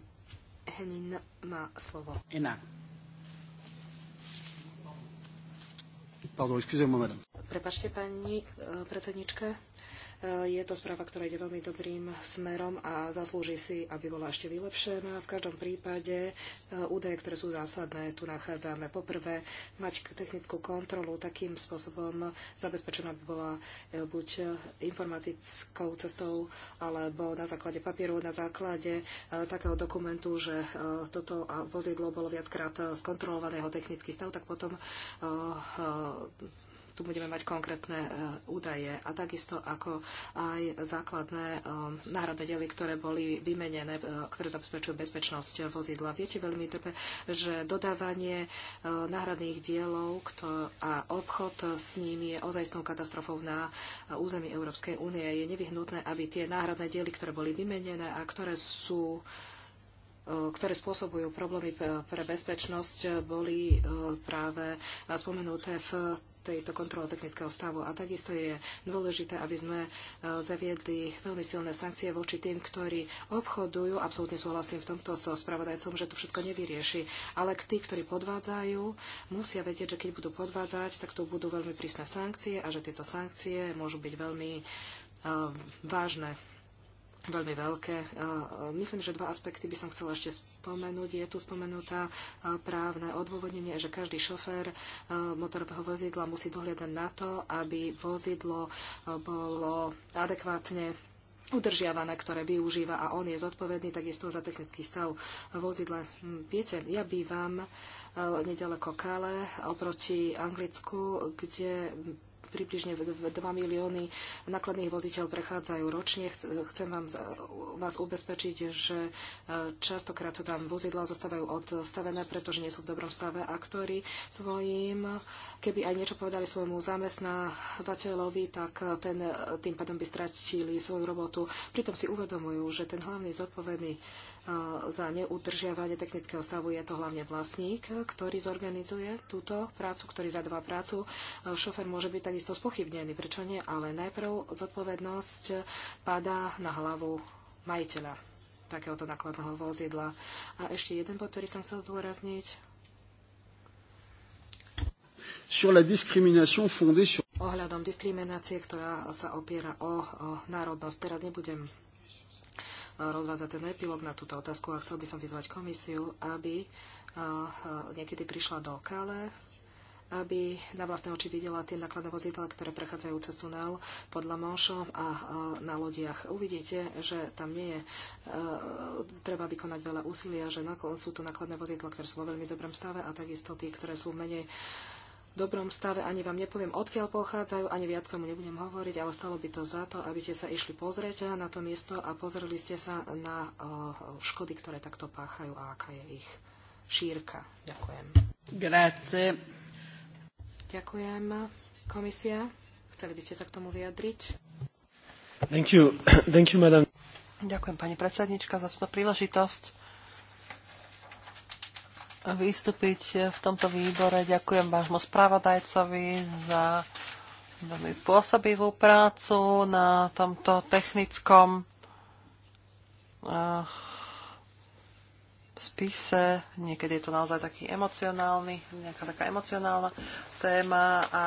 Henin má slovo.
Inak.
Pardon, excusez-moi, madame.
Prepačte, pani eh, predsednička. Je to správa, ktorá ide veľmi dobrým smerom a zaslúži si, aby bola ešte vylepšená. V každom prípade e, údaje, ktoré sú zásadné, tu nachádzame. Poprvé, mať technickú kontrolu takým spôsobom zabezpečená by bola e, buď e, informatickou cestou, alebo na základe papieru, na základe takého dokumentu, že toto vozidlo bolo viackrát skontrolovaného technický stav, tak potom tu budeme mať konkrétne e, údaje a takisto ako aj základné e, náhradné diely, ktoré boli vymenené, e, ktoré zabezpečujú bezpečnosť vozidla. Viete veľmi dobre, že dodávanie náhradných dielov a obchod s nimi je ozajstnou katastrofou na území Európskej únie. Je nevyhnutné, aby tie náhradné diely, ktoré boli vymenené a ktoré sú ktoré spôsobujú problémy pre bezpečnosť, boli práve spomenuté v tejto kontrole technického stavu. A takisto je dôležité, aby sme e, zaviedli veľmi silné sankcie voči tým, ktorí obchodujú. Absolútne súhlasím v tomto so spravodajcom, že to všetko nevyrieši. Ale tí, ktorí podvádzajú, musia vedieť, že keď budú podvádzať, tak to budú veľmi prísne sankcie a že tieto sankcie môžu byť veľmi e, vážne veľmi veľké. Myslím, že dva aspekty by som chcela ešte spomenúť. Je tu spomenutá právne odôvodnenie, že každý šofér motorového vozidla musí dohliadať na to, aby vozidlo bolo adekvátne udržiavané, ktoré využíva a on je zodpovedný takisto za technický stav vozidla. Hm, viete, ja bývam nedaleko Kale oproti Anglicku, kde približne 2 milióny nakladných voziteľ prechádzajú ročne. Chcem vám, vás ubezpečiť, že e, častokrát sú tam vozidla, zostávajú odstavené, pretože nie sú v dobrom stave aktory svojim. Keby aj niečo povedali svojmu zamestnávateľovi, tak e, ten, e, tým pádom by stratili svoju robotu. Pritom si uvedomujú, že ten hlavný zodpovedný za neudržiavanie technického stavu je to hlavne vlastník, ktorý zorganizuje túto prácu, ktorý zadáva prácu. E, Šofer môže byť takisto spochybnený, prečo nie, ale najprv zodpovednosť padá na hlavu majiteľa takéhoto nákladného vozidla. A ešte jeden bod, ktorý som chcel zdôrazniť.
Sur la discrimination fondée sur
ohľadom diskriminácie, ktorá sa opiera o, o národnosť. Teraz nebudem rozvádza ten epilog na túto otázku a chcel by som vyzvať komisiu, aby eh, niekedy prišla do Kale, aby na vlastné oči videla tie nákladné vozidla, ktoré prechádzajú cez tunel podľa Monšom a eh, na lodiach. Uvidíte, že tam nie je, eh, treba vykonať veľa úsilia, že sú tu nákladné vozidla, ktoré sú vo veľmi dobrom stave a takisto tie, ktoré sú menej dobrom stave, ani vám nepoviem, odkiaľ pochádzajú, ani viac komu nebudem hovoriť, ale stalo by to za to, aby ste sa išli pozrieť na to miesto a pozreli ste sa na eh, škody, ktoré takto páchajú a aká je ich šírka. Ďakujem. Grazie.
Ďakujem. Komisia, chceli by ste sa k tomu vyjadriť?
Thank you. Thank you, madam.
Ďakujem, pani predsednička, za túto príležitosť vystúpiť v tomto výbore. Ďakujem vášmu spravodajcovi za veľmi pôsobivú prácu na tomto technickom eh, spise. Niekedy je to naozaj taký emocionálny, nejaká taká emocionálna téma a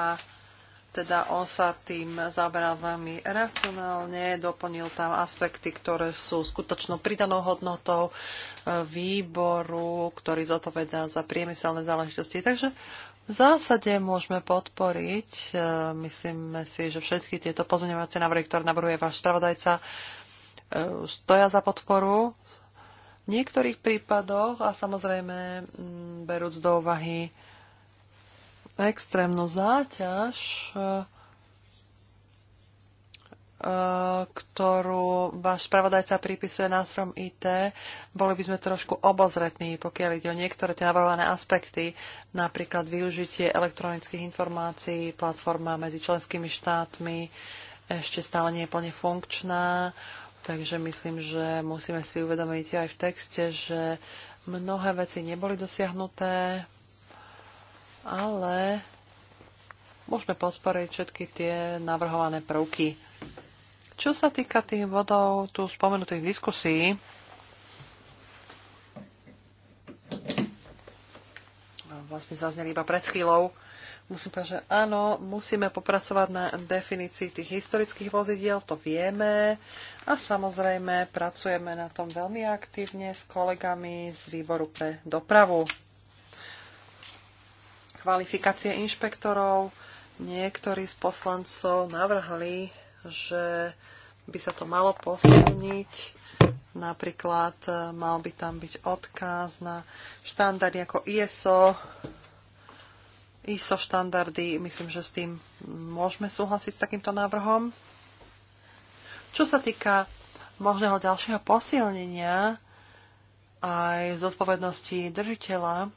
teda on sa tým zaberal veľmi racionálne, doplnil tam aspekty, ktoré sú skutočnou pridanou hodnotou e, výboru, ktorý zodpovedá za priemyselné záležitosti. Takže v zásade môžeme podporiť, e, myslíme si, že všetky tieto pozmeňovacie návrhy, ktoré navrhuje váš spravodajca, e, stoja za podporu. V niektorých prípadoch a samozrejme berúc do úvahy extrémnu záťaž, e, e, ktorú váš spravodajca pripisuje nástrom IT, boli by sme trošku obozretní, pokiaľ ide o niektoré tie navrhované aspekty, napríklad využitie elektronických informácií, platforma medzi členskými štátmi ešte stále nie je plne funkčná, takže myslím, že musíme si uvedomiť aj v texte, že mnohé veci neboli dosiahnuté, ale môžeme podporiť všetky tie navrhované prvky. Čo sa týka tých vodov tu spomenutých diskusí, vlastne zazneli iba pred chvíľou, musím povedať, že áno, musíme popracovať na definícii tých historických vozidiel, to vieme a samozrejme pracujeme na tom veľmi aktívne s kolegami z výboru pre dopravu kvalifikácie inšpektorov. Niektorí z poslancov navrhli, že by sa to malo posilniť. Napríklad e, mal by tam byť odkaz na štandardy ako ISO, ISO štandardy. Myslím, že s tým môžeme súhlasiť s takýmto návrhom. Čo sa týka možného ďalšieho posilnenia aj zodpovednosti držiteľa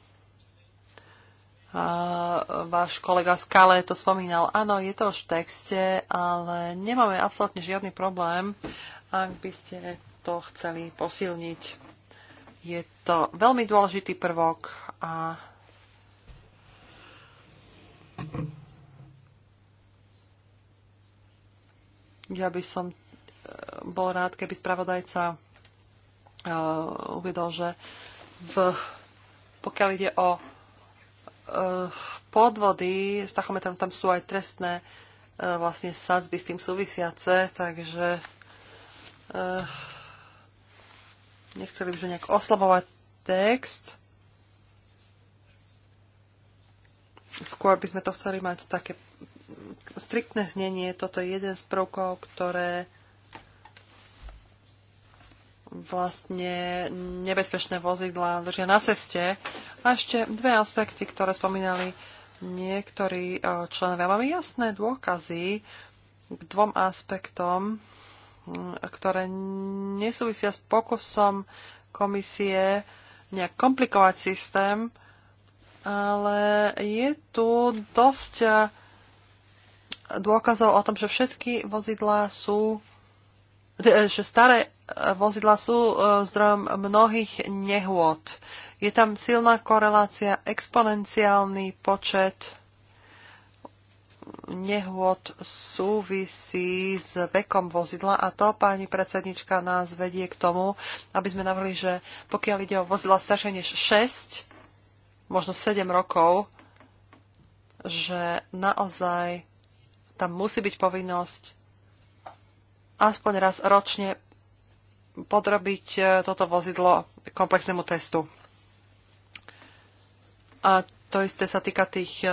váš kolega Skale to spomínal. Áno, je to už v texte, ale nemáme absolútne žiadny problém, ak by ste to chceli posilniť. Je to veľmi dôležitý prvok a ja by som e, bol rád, keby spravodajca e, uvedol, že v, pokiaľ ide o Eh, podvody s tachometrom, tam sú aj trestné eh, vlastne sadzby s tým súvisiace, takže eh, nechceli by sme nejak oslabovať text. Skôr by sme to chceli mať také striktné znenie. Toto je jeden z prvkov, ktoré vlastne nebezpečné vozidla držia na ceste. A ešte dve aspekty, ktoré spomínali niektorí e, členovia. Máme jasné dôkazy k dvom aspektom, mm, ktoré nesúvisia s pokusom komisie nejak komplikovať systém, ale je tu dosť e, dôkazov o tom, že všetky vozidlá sú, e, že staré vozidla sú e, zdrojom mnohých nehôd. Je tam silná korelácia, exponenciálny počet nehôd súvisí s vekom vozidla a to, pani predsednička, nás vedie k tomu, aby sme navrhli, že pokiaľ ide o vozidla staršie než 6, možno 7 rokov, že naozaj tam musí byť povinnosť aspoň raz ročne podrobiť e, toto vozidlo komplexnému testu. A to isté sa týka tých e,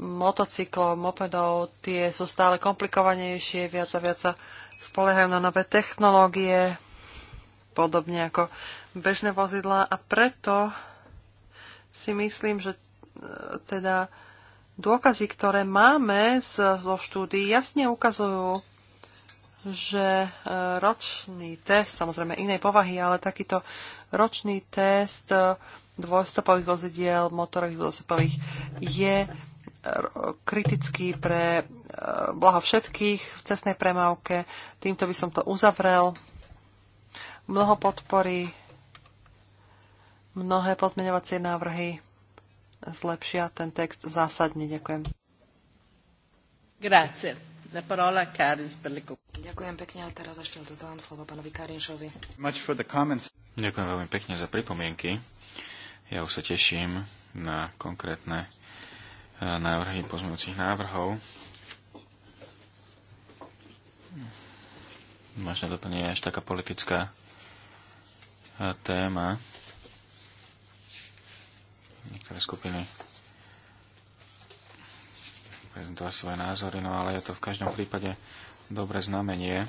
motocyklov, mopedov, tie sú stále komplikovanejšie, viac a viac sa spoliehajú na nové technológie, podobne ako bežné vozidlá a preto si myslím, že e, teda dôkazy, ktoré máme zo štúdií, jasne ukazujú, že e, ročný test, samozrejme inej povahy, ale takýto ročný test e, dvojstopových vozidiel, motorových dvojstopových je e, kritický pre blaho všetkých v cestnej premávke. Týmto by som to uzavrel. Mnoho podpory, mnohé pozmeňovacie návrhy zlepšia ten text zásadne. Ďakujem. Grazie. Ďakujem
pekne a teraz ešte odozdávam slovo pánovi Karinšovi.
Ďakujem veľmi pekne za pripomienky. Ja už sa teším na konkrétne eh, návrhy pozmeňujúcich návrhov. Možno toto nie je až taká politická eh, téma. Niektoré skupiny prezentovať svoje názory, no ale je to v každom prípade dobré znamenie,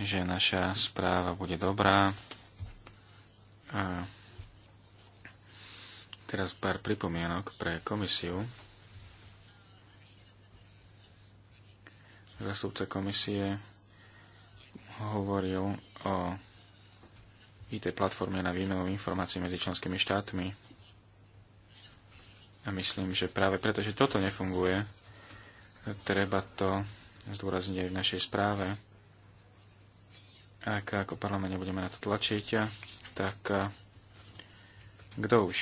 že naša správa bude dobrá. A teraz pár pripomienok pre komisiu. Zastupca komisie hovoril o IT platforme na výmenu informácií medzi členskými štátmi a myslím, že práve preto, že toto nefunguje, treba to zdôrazniť aj v našej správe. Ak ako parlament nebudeme na to tlačiť, tak kto už?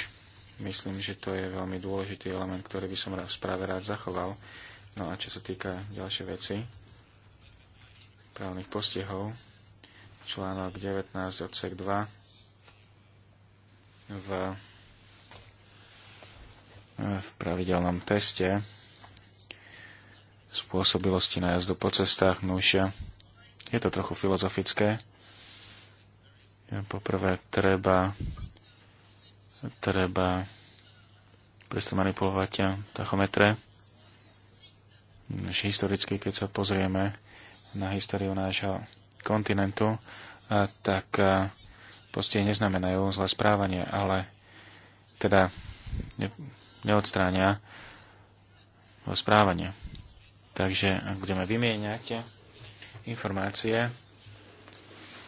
Myslím, že to je veľmi dôležitý element, ktorý by som v správe rád zachoval. No a čo sa týka ďalšej veci, právnych postihov, článok 19 odsek 2 v v pravidelnom teste spôsobilosti na jazdu po cestách nušia. Je to trochu filozofické. Poprvé treba treba presto manipulovať tachometre. Už historicky, keď sa pozrieme na históriu nášho kontinentu, tak postihy neznamenajú zlé správanie, ale teda neodstráňa správanie. Takže ak budeme vymieňať informácie,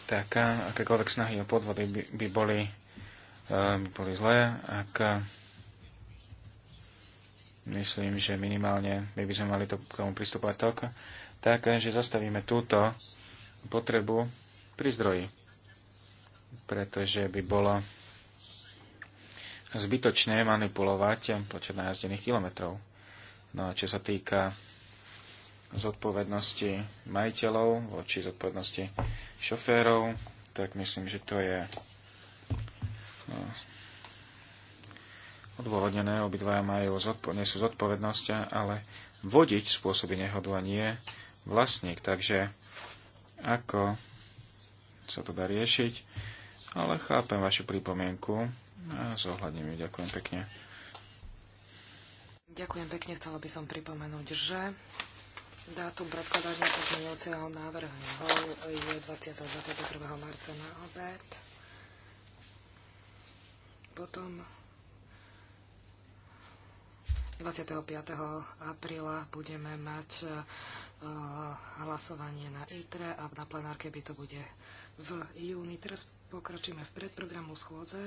tak akékoľvek snahy o podvody by, by boli, eh, by boli zlé. Ak myslím, že minimálne my by sme mali to, k tomu pristupovať tak, tak, že zastavíme túto potrebu pri zdroji, pretože by bolo zbytočné manipulovať počet najazdených kilometrov. No a čo sa týka zodpovednosti majiteľov voči zodpovednosti šoférov, tak myslím, že to je no, odôvodnené. Obidvaja majú zodpo- zodpovednosť, ale vodič spôsobí nehodu a nie vlastník. Takže ako sa to dá riešiť? Ale chápem vašu pripomienku a zohľadním ju. Ďakujem pekne.
Ďakujem pekne. Chcela by som pripomenúť, že dátum predkladania pozmeňujúceho návrhu je 20. 21. marca na obed. Potom 25. apríla budeme mať e, hlasovanie na ITRE a na plenárke by to bude v júni. Teraz pokračíme v predprogramu schôdze.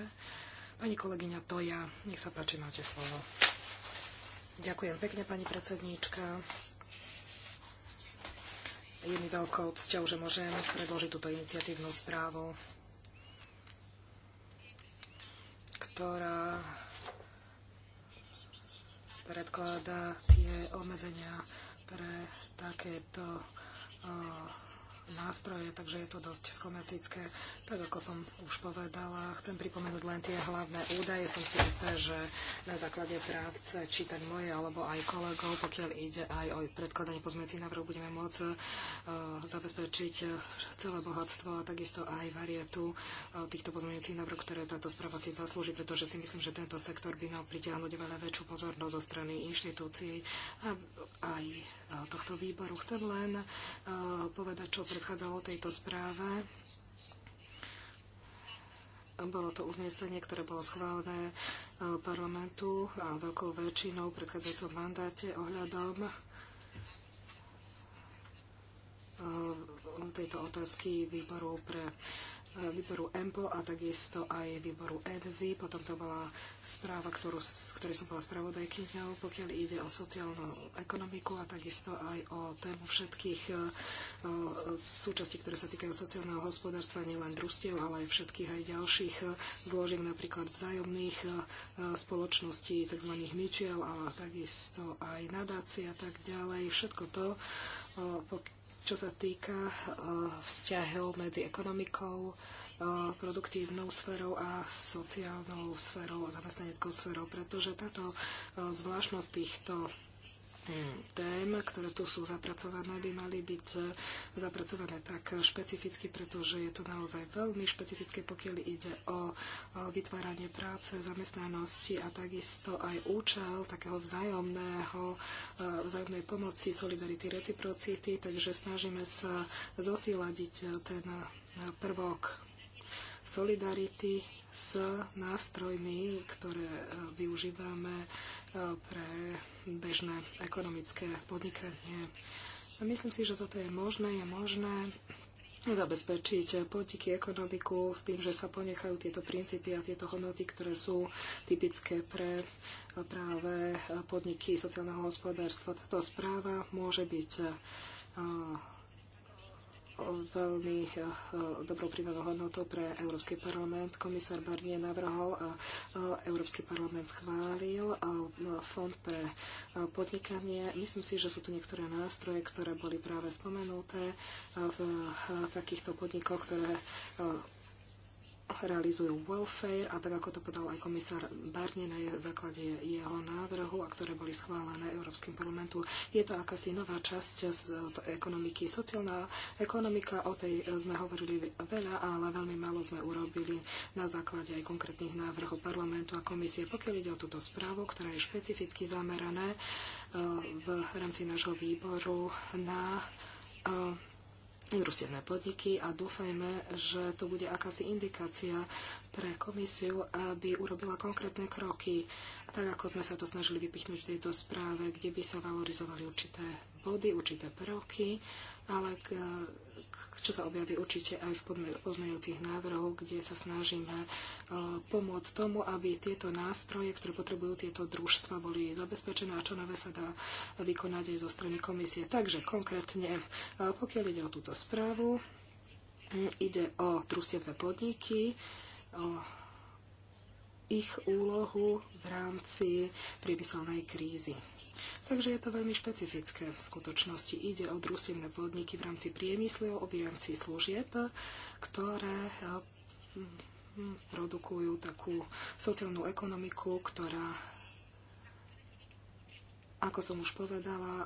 Pani kolegyňa Toja, nech sa páči, máte slovo. Ďakujem pekne, pani predsedníčka. Je mi veľkou cťou, že môžem predložiť túto iniciatívnu správu, ktorá predkladá tie obmedzenia pre takéto uh, nástroje, takže je to dosť schematické. Tak ako som už povedala, chcem pripomenúť len tie hlavné údaje. Som si istá, že na základe práce čítať moje alebo aj kolegov, pokiaľ ide aj o predkladanie pozmeňujúcich návrhov, budeme môcť uh, zabezpečiť celé bohatstvo a takisto aj varietu uh, týchto pozmeňujúcich návrhov, ktoré táto správa si zaslúži, pretože si myslím, že tento sektor by mal pritiahnuť veľa väčšiu pozornosť zo strany inštitúcií a aj uh, tohto výboru. Chcem len povedať, čo predchádzalo tejto správe. Bolo to uznesenie, ktoré bolo schválené e, parlamentu a veľkou väčšinou v predchádzajúcom mandáte ohľadom e, tejto otázky výboru pre výboru EMPO a takisto aj výboru EDVI. Potom to bola správa, ktorú, ktorej som bola spravodajkyňou, pokiaľ ide o sociálnu ekonomiku a takisto aj o tému všetkých e, súčastí, ktoré sa týkajú sociálneho hospodárstva, nielen družstiev, ale aj všetkých aj ďalších e, zložiek, napríklad vzájomných e, spoločností, tzv. myčiel, ale takisto aj nadácia a tak ďalej. Všetko to, čo sa týka e, vzťahov medzi ekonomikou, e, produktívnou sférou a sociálnou sférou, zamestnaneckou sférou, pretože táto e, zvláštnosť týchto Hm, tém, ktoré tu sú zapracované, by mali byť eh, zapracované tak špecificky, pretože je to naozaj veľmi špecifické, pokiaľ ide o vytváranie práce, zamestnanosti a takisto aj účel takého vzájomného, eh, vzájomnej pomoci, solidarity, reciprocity, takže snažíme sa zosíľadiť eh, ten prvok solidarity s nástrojmi, ktoré využívame pre bežné ekonomické podnikanie. A myslím si, že toto je možné, je možné zabezpečiť podniky, ekonomiku s tým, že sa ponechajú tieto princípy a tieto hodnoty, ktoré sú typické pre práve podniky sociálneho hospodárstva. Táto správa môže byť veľmi eh, dobrou pridanou hodnotou pre Európsky parlament. Komisár Barnier navrhol a eh, eh, Európsky parlament schválil fond pre podnikanie. Myslím si, že sú tu niektoré nástroje, ktoré boli práve spomenuté v takýchto podnikoch, ktoré realizujú welfare a tak ako to povedal aj komisár Barnier na základe jeho návrhu a ktoré boli schválené Európskym parlamentu. Je to akási nová časť z ekonomiky, sociálna ekonomika, o tej sme hovorili veľa, ale veľmi málo sme urobili na základe aj konkrétnych návrhov parlamentu a komisie. Pokiaľ ide o túto správu, ktorá je špecificky zamerané eh, v rámci nášho výboru na eh, družstevné podniky a dúfajme, že to bude akási indikácia pre komisiu, aby urobila konkrétne kroky, tak ako sme sa to snažili vypichnúť v tejto správe, kde by sa valorizovali určité body, určité prvky ale k, k, čo sa objaví určite aj v pozmeňujúcich návrhov, kde sa snažíme e, pomôcť tomu, aby tieto nástroje, ktoré potrebujú tieto družstva, boli zabezpečené a čo nové sa dá vykonať aj zo strany komisie. Takže konkrétne, e, pokiaľ ide o túto správu, mm, ide o družstevné podniky, o ich úlohu v rámci priemyselnej krízy. Takže je to veľmi špecifické. V skutočnosti ide o družstevné podniky v rámci priemyslu, o v rámci služieb, ktoré hm, hm, produkujú takú sociálnu ekonomiku, ktorá ako som už povedala, eh,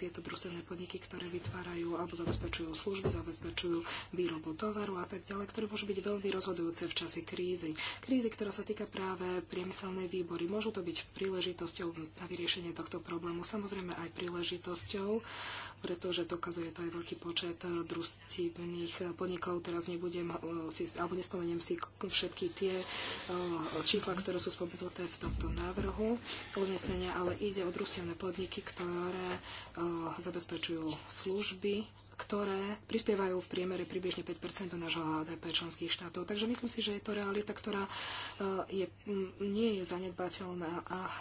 tieto družstevné podniky, ktoré vytvárajú alebo zabezpečujú služby, zabezpečujú výrobu tovaru a tak ďalej, ktoré môžu byť veľmi rozhodujúce v čase krízy. Krízy, ktorá sa týka práve priemyselnej výbory, môžu to byť príležitosťou na vyriešenie tohto problému, samozrejme aj príležitosťou pretože dokazuje to aj veľký počet eh, družstívnych eh, podnikov. Teraz nebudem, eh, alebo nespomeniem si všetky tie čísla, ktoré sú spomenuté v tomto návrhu uznesenia, ale ide o družstevné podniky, ktoré zabezpečujú služby ktoré prispievajú v priemere približne 5 do nášho HDP členských štátov. Takže myslím si, že je to realita, ktorá je, nie je zanedbateľná a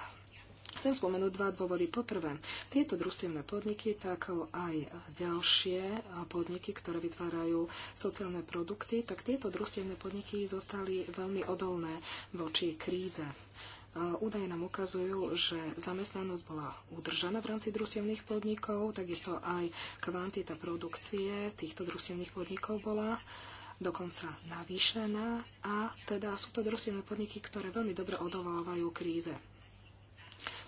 Chcem spomenúť dva dôvody. Poprvé, tieto družstevné podniky, tak aj ďalšie podniky, ktoré vytvárajú sociálne produkty, tak tieto družstevné podniky zostali veľmi odolné voči kríze. E, údaje nám ukazujú, že zamestnanosť bola udržaná v rámci družstevných podnikov, takisto aj kvantita produkcie týchto družstevných podnikov bola dokonca navýšená a teda sú to družstvené podniky, ktoré veľmi dobre odolávajú kríze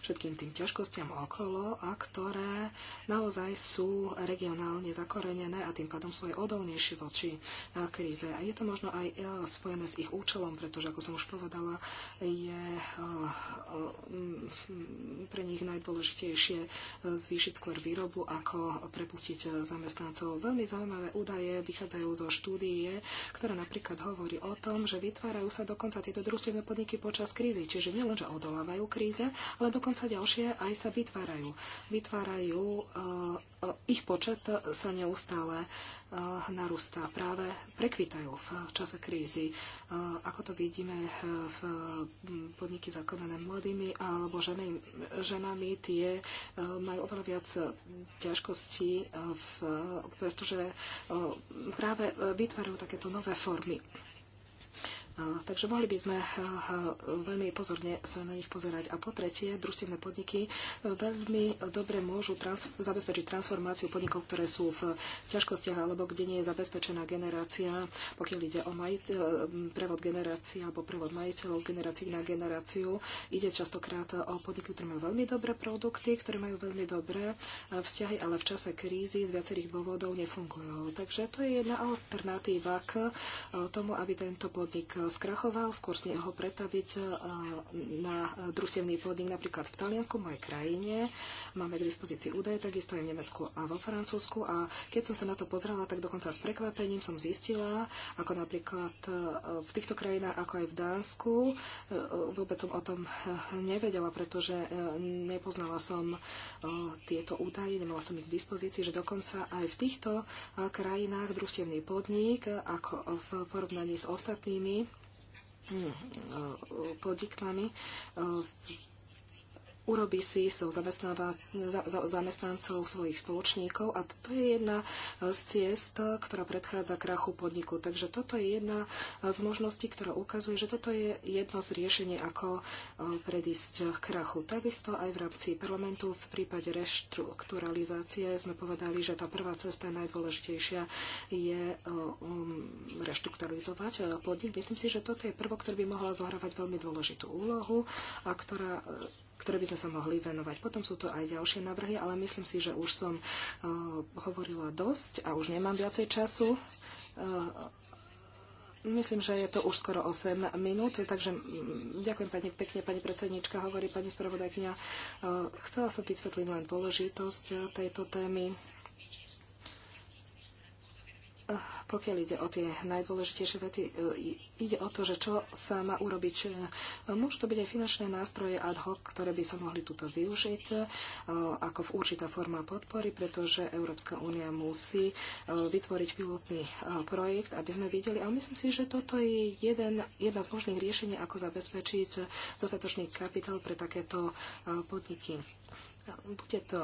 všetkým tým ťažkostiam okolo a ktoré naozaj sú regionálne zakorenené a tým pádom sú aj odolnejšie voči eh, kríze. A je to možno aj eh, spojené s ich účelom, pretože, ako som už povedala, je eh, pre nich najdôležitejšie zvýšiť skôr výrobu, ako prepustiť zamestnancov. Veľmi zaujímavé údaje vychádzajú zo štúdie, ktorá napríklad hovorí o tom, že vytvárajú sa dokonca tieto družstevné podniky počas krízy. Čiže nielenže odolávajú kríze, ale dokonca dokonca ďalšie aj sa vytvárajú. Vytvárajú, e, e, ich počet sa neustále e, narústa, práve prekvitajú v čase krízy. Ako to vidíme v podniky zakladané mladými alebo ženy, ženami, tie majú oveľa viac ťažkostí, v, pretože práve vytvárajú takéto nové formy Takže mohli by sme veľmi pozorne sa na nich pozerať. A po tretie, družstevné podniky e, veľmi dobre môžu trans- zabezpečiť transformáciu podnikov, ktoré sú v ťažkostiach alebo kde nie je zabezpečená generácia, pokiaľ ide o majite- prevod generácií alebo prevod majiteľov z generácií na generáciu. Ide častokrát o podniky, ktoré majú veľmi dobré produkty, ktoré majú veľmi dobré e, vzťahy, ale v čase krízy z viacerých dôvodov nefungujú. Takže to je jedna alternatíva k e, tomu, aby tento podnik skrachoval, skôr sme ho pretaviť e, na družstevný podnik napríklad v Taliansku, mojej krajine. Máme k dispozícii údaje, takisto aj v Nemecku a vo Francúzsku. A keď som sa na to pozrela, tak dokonca s prekvapením som zistila, ako napríklad e, v týchto krajinách, ako aj v Dánsku, e, vôbec som o tom nevedela, pretože nepoznala som tieto údaje, nemala som ich k dispozícii, že dokonca aj v týchto krajinách družstevný podnik, ako v porovnaní s ostatnými podnikmami eh, urobí si so zamestnancov svojich spoločníkov a to je jedna z ciest, ktorá predchádza krachu podniku. Takže toto je jedna z možností, ktorá ukazuje, že toto je jedno z riešení, ako e, predísť krachu. Takisto aj v rámci parlamentu v prípade reštrukturalizácie sme povedali, že tá prvá cesta najdôležitejšia je e, um, reštrukturalizovať e, podnik. Myslím si, že toto je prvok, ktorý by mohla zohrávať veľmi dôležitú úlohu a ktorá ktoré by sme sa mohli venovať. Potom sú tu aj ďalšie návrhy, ale myslím si, že už som eh, hovorila dosť a už nemám viacej času. Eh, myslím, že je to už skoro 8 minút, takže mm, ďakujem pani, pekne, pani predsednička, hovorí pani spravodajkňa. Eh, chcela som vysvetliť len dôležitosť tejto témy pokiaľ ide o tie najdôležitejšie veci, e, ide o to, že čo sa má urobiť. E, môžu to byť aj finančné nástroje ad hoc, ktoré by sa mohli tuto využiť e, ako v určitá forma podpory, pretože Európska únia musí vytvoriť pilotný projekt, aby sme videli. Ale myslím si, že toto je jeden, jedna z možných riešení, ako zabezpečiť dostatočný kapitál pre takéto podniky. Bude to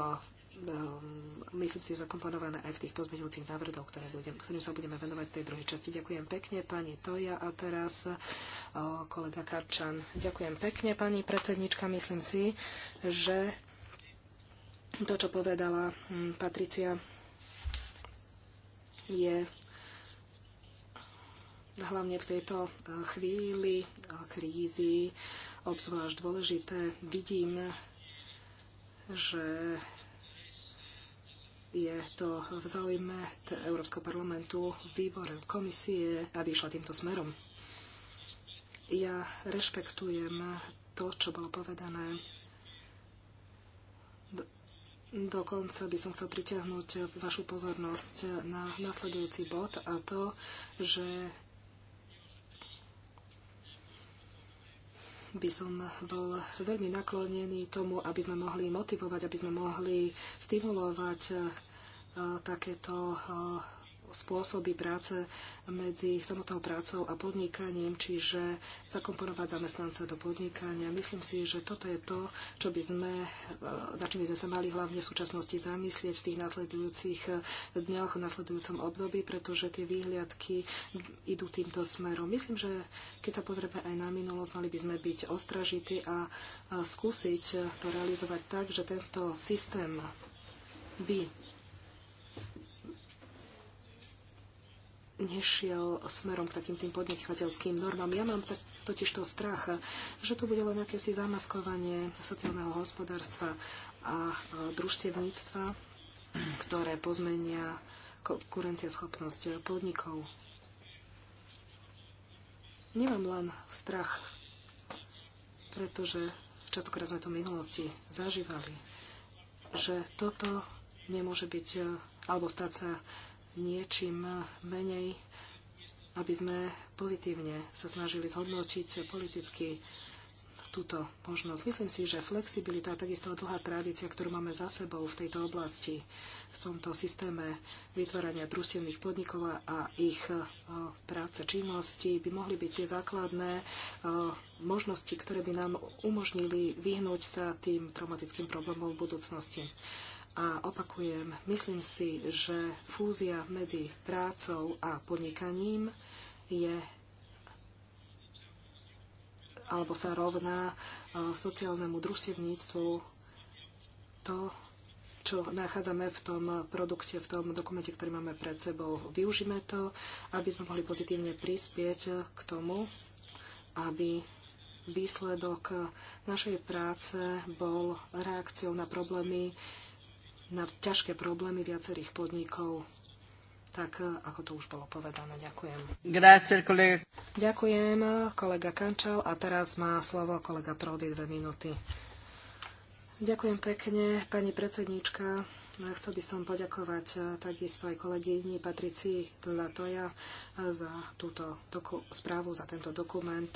Ehm, myslím si, zakomponované aj v tých pozmeňujúcich návrhoch, ktoré budem, ktorým sa budeme venovať v tej druhej časti. Ďakujem pekne, pani Toja. A teraz eh, kolega Karčan. Ďakujem pekne, pani predsednička. Myslím si, že to, čo povedala hm, Patricia, je hlavne v tejto eh, chvíli eh, krízy obzvlášť dôležité. Vidím, že je to v záujme Európskeho parlamentu, výbor komisie, aby išla týmto smerom. Ja rešpektujem to, čo bolo povedané. Dokonca by som chcel pritiahnuť vašu pozornosť na nasledujúci bod a to, že by som bol veľmi naklonený tomu, aby sme mohli motivovať, aby sme mohli stimulovať eh, takéto eh, spôsoby práce medzi samotnou prácou a podnikaním, čiže zakomponovať zamestnanca do podnikania. Myslím si, že toto je to, čo by sme, eh, na čím by sme sa mali hlavne v súčasnosti zamyslieť v tých nasledujúcich eh, dňoch, v nasledujúcom období, pretože tie výhliadky idú týmto smerom. Myslím, že keď sa pozrieme aj na minulosť, mali by sme byť ostražití a eh, skúsiť to realizovať tak, že tento systém by nešiel smerom k takým tým podnikateľským normám. Ja mám tak, totiž to strach, že tu bude len akési zamaskovanie sociálneho hospodárstva a družstevníctva, ktoré pozmenia schopnosť podnikov. Nemám len strach, pretože častokrát sme to v minulosti zažívali, že toto nemôže byť alebo stať sa niečím menej, aby sme pozitívne sa snažili zhodnotiť politicky túto možnosť. Myslím si, že flexibilita, takisto dlhá tradícia, ktorú máme za sebou v tejto oblasti, v tomto systéme vytvárania družstevných podnikov a ich e, práce, činnosti, by mohli byť tie základné e, možnosti, ktoré by nám umožnili vyhnúť sa tým traumatickým problémom v budúcnosti. A opakujem, myslím si, že fúzia medzi prácou a podnikaním je alebo sa rovná e, sociálnemu družstevníctvu to, čo nachádzame v tom produkte, v tom dokumente, ktorý máme pred sebou. Využíme to, aby sme mohli pozitívne prispieť k tomu, aby výsledok našej práce bol reakciou na problémy, na ťažké problémy viacerých podnikov, tak e, ako to už bolo povedané. Ďakujem. Grazie, kolega. Ďakujem, kolega Kančal. A teraz má slovo kolega Prody dve minúty. Ďakujem pekne, pani predsedníčka. E, chcel by som poďakovať e, takisto aj kolegyni Patricii Latoja za túto správu, za tento dokument.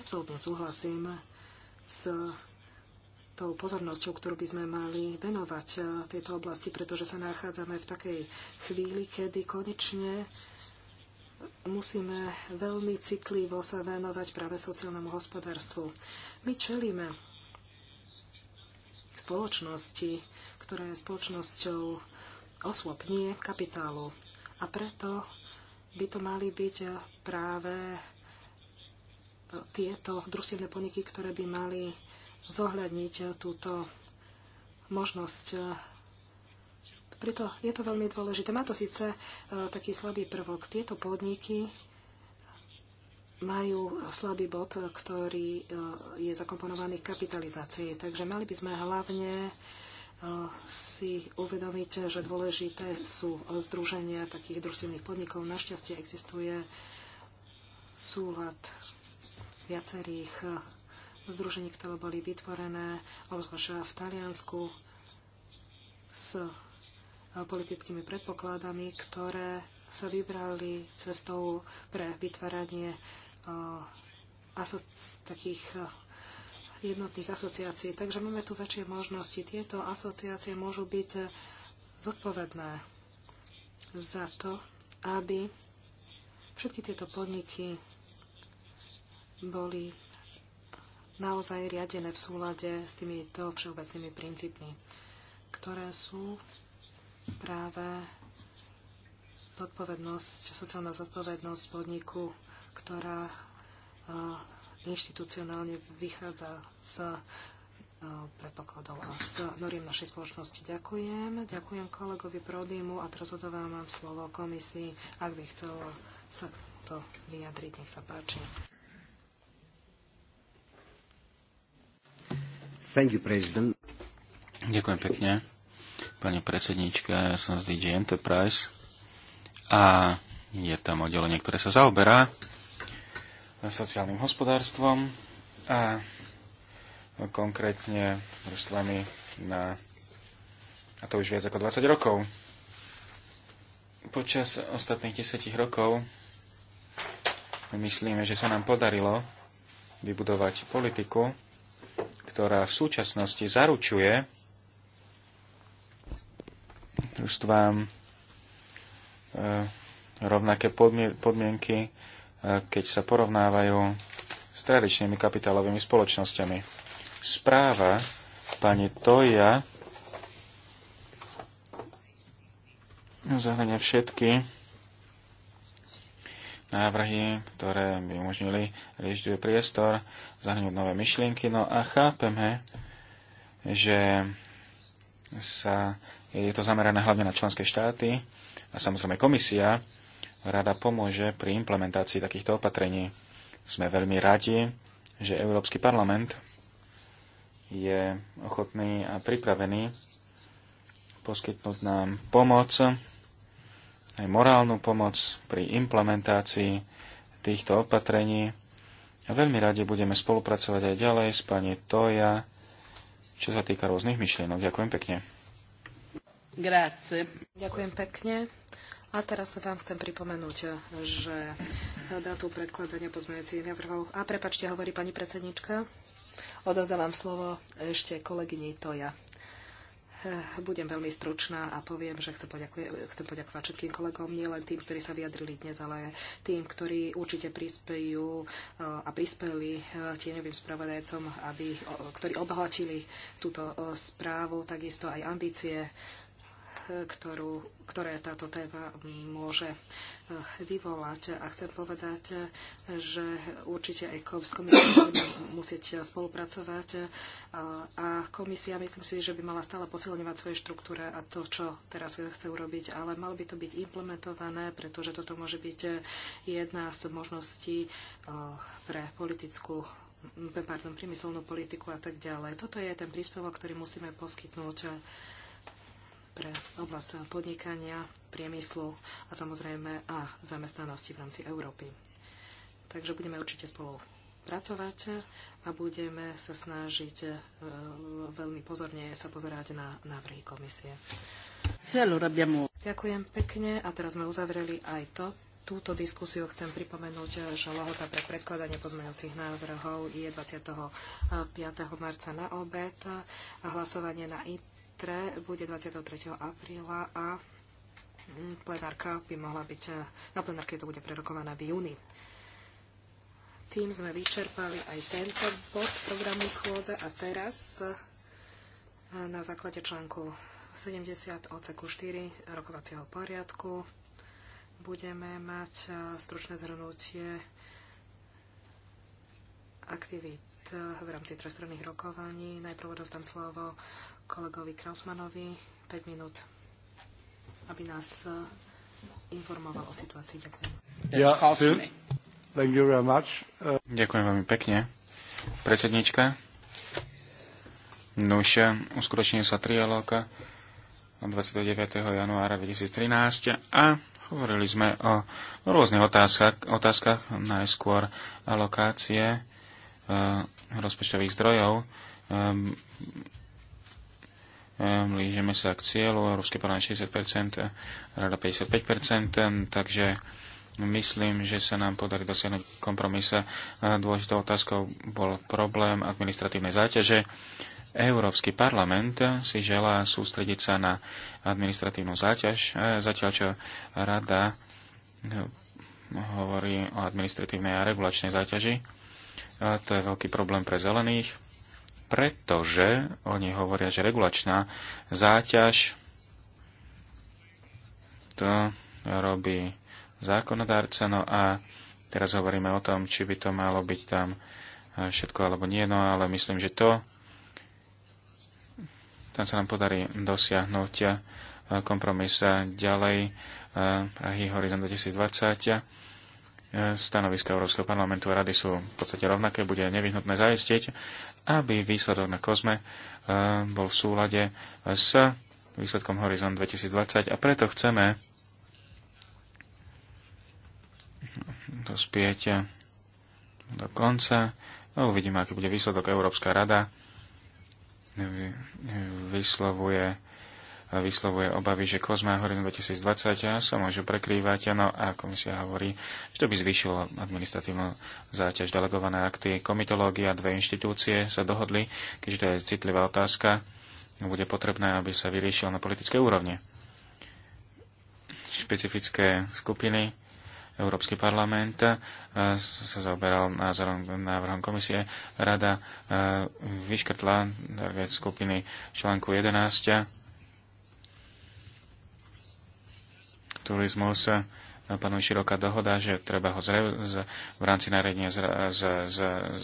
Absolutne súhlasím s tou pozornosťou, ktorú by sme mali venovať e, tejto oblasti, pretože sa nachádzame v takej chvíli, kedy konečne musíme veľmi citlivo sa venovať práve sociálnemu hospodárstvu. My čelíme spoločnosti, ktorá je spoločnosťou osôb, nie kapitálu. A preto by to mali byť práve tieto družstevné podniky, ktoré by mali zohľadniť túto možnosť. Preto je to veľmi dôležité. Má to síce e, taký slabý prvok. Tieto podniky majú slabý bod, ktorý e, je zakomponovaný v kapitalizácii. Takže mali by sme hlavne e, si uvedomiť, že dôležité sú združenia takých družstvených podnikov. Našťastie existuje súlad viacerých združení, ktoré boli vytvorené obzvlášť v Taliansku s e, politickými predpokladami, ktoré sa vybrali cestou pre vytváranie e, takých e, jednotných asociácií. Takže máme tu väčšie možnosti. Tieto asociácie môžu byť zodpovedné za to, aby všetky tieto podniky boli naozaj riadené v súlade s týmito všeobecnými princípmi, ktoré sú práve zodpovednosť, sociálna zodpovednosť podniku, ktorá inštitucionálne vychádza z predpokladov a s noriem našej spoločnosti. Ďakujem. Ďakujem kolegovi Prodimu a teraz odovávam slovo komisii, ak by chcel sa to vyjadriť. Nech sa páči.
Thank you, President. Ďakujem pekne, pani predsedníčka. Ja som z DJ Enterprise a je tam oddelenie, ktoré sa zaoberá sociálnym hospodárstvom a konkrétne družstvami na a to už viac ako 20 rokov. Počas ostatných 10 rokov myslíme, že sa nám podarilo vybudovať politiku, ktorá v súčasnosti zaručuje družstvám e, rovnaké podmienky, e, keď sa porovnávajú s tradičnými kapitálovými spoločnosťami. Správa pani Toja zahrania všetky návrhy, ktoré by umožnili riešiť priestor, zahrnúť nové myšlienky. No a chápeme, že sa, je to zamerané hlavne na členské štáty a samozrejme komisia rada pomôže pri implementácii takýchto opatrení. Sme veľmi radi, že Európsky parlament je ochotný a pripravený poskytnúť nám pomoc aj morálnu pomoc pri implementácii týchto opatrení. A veľmi radi budeme spolupracovať aj ďalej s pani Toja, čo sa týka rôznych myšlienok. Ďakujem pekne.
Grazie. Ďakujem pekne. A teraz sa vám chcem pripomenúť, že dátum predkladania pozmeňujúcich návrhov... A prepačte, hovorí pani predsednička. Odozdávam slovo ešte kolegyni Toja. Eh, budem veľmi stručná a poviem, že chcem, chcem poďakovať všetkým kolegom, nielen tým, ktorí sa vyjadrili dnes, ale tým, ktorí určite prispejú eh, a prispeli eh, tieňovým spravodajcom, aby, ktorí obhatili túto správu, takisto aj ambície, ktorú, ktoré táto téma môže Eh, vyvolať. A chcem povedať, eh, že určite aj s komisiou budeme musieť spolupracovať. A komisia, myslím si, že by mala stále posilňovať svoje štruktúre a to, čo teraz chce urobiť, ale malo by to byť implementované, pretože toto môže byť jedna z možností eh, pre politickú pardon, priemyselnú politiku a tak ďalej. Toto je ten príspevok, ktorý musíme poskytnúť pre oblasť podnikania, priemyslu a samozrejme a zamestnanosti v rámci Európy. Takže budeme určite spolu pracovať a budeme sa snažiť e, veľmi pozorne sa pozerať na návrhy komisie. Ďakujem pekne a teraz sme uzavreli aj to, túto diskusiu chcem pripomenúť, že lohota pre predkladanie pozmeňujúcich návrhov je 25. marca na obed a hlasovanie na IT Nitre bude 23. apríla a mm, plenárka by mohla byť, e, na plenárke to bude prerokované v júni. Tým sme vyčerpali aj tento bod programu schôdze a teraz e, na základe článku 70 odseku 4 rokovacieho poriadku budeme mať e, stručné zhrnutie aktivít Eh, v rámci trojstranných rokovaní. Najprv dostám slovo kolegovi Krausmanovi 5 minút, aby nás eh, informoval o situácii. Ďakujem. Ja,
thank you very much. Uh... Ďakujem veľmi pekne. Predsednička, Nuž, uskutočnil sa trialóka 29. januára 2013 a hovorili sme o rôznych otázkach, otázkach najskôr alokácie Eh, rozpočtových zdrojov. Blížime sa k cieľu, Európsky parlament 60%, Rada 55%, takže myslím, že sa nám podarí dosiahnuť kompromisa. Dôležitou otázkou bol problém administratívnej záťaže. Európsky parlament si želá sústrediť sa na administratívnu záťaž, e, zatiaľ čo rada hovorí o administratívnej a regulačnej záťaži a to je veľký problém pre zelených, pretože oni hovoria, že regulačná záťaž to robí zákonodárca. No a teraz hovoríme o tom, či by to malo byť tam všetko alebo nie, no ale myslím, že to tam sa nám podarí dosiahnuť kompromis ďalej eh, Prahy Horizon 2020 stanoviska Európskeho parlamentu a rady sú v podstate rovnaké, bude nevyhnutné zaistiť, aby výsledok na kozme e, bol v súlade s výsledkom Horizon 2020 a preto chceme dospieť do konca. No, uvidíme, aký bude výsledok. Európska rada vyslovuje vyslovuje obavy, že Kozma a Horizon 2020 sa môžu prekrývať no, a komisia hovorí, že to by zvýšilo administratívnu záťaž delegované akty. Komitológia, dve inštitúcie sa dohodli, keďže to je citlivá otázka, bude potrebné, aby sa vyriešila na politické úrovni. Špecifické skupiny Európsky parlament sa zaoberal názorom, návrhom komisie. Rada vyškrtla skupiny článku 11 turizmus eh, panuje široká dohoda, že treba ho zre, z, v rámci nariadenia z, z, z,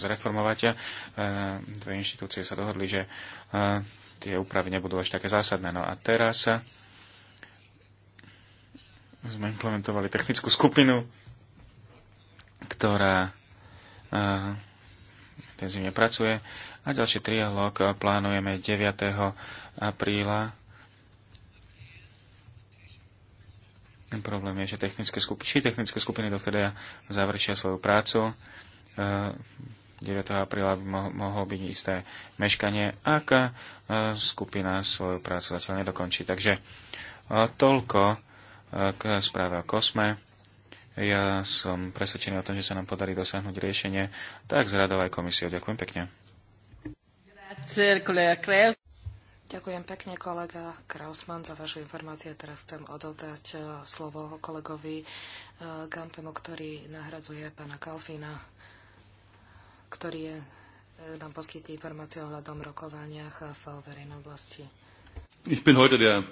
zreformovať. Eh, dve inštitúcie sa dohodli, že eh, tie úpravy nebudú až také zásadné. No a teraz sme implementovali technickú skupinu, ktorá intenzívne pracuje. A ďalší trialog plánujeme 9. apríla Ten problém je, že technické skupiny, či technické skupiny dovtedy završia svoju prácu. 9. E, apríla by mohlo byť isté meškanie, ak e, skupina svoju prácu zatiaľ nedokončí. Takže e, toľko k správe o kosme. Ja som presvedčený o tom, že sa nám podarí dosiahnuť riešenie, tak z radovaj aj Ďakujem pekne.
Ďakujem
pekne, kolega Krausman, za vašu informáciu. Teraz chcem odozdať e, slovo kolegovi e, Gantemu, ktorý nahradzuje pána Kalfina, ktorý je, e, nám poskytí informácie hľadom rokovaniach v verejnej oblasti.
Ich bin heute der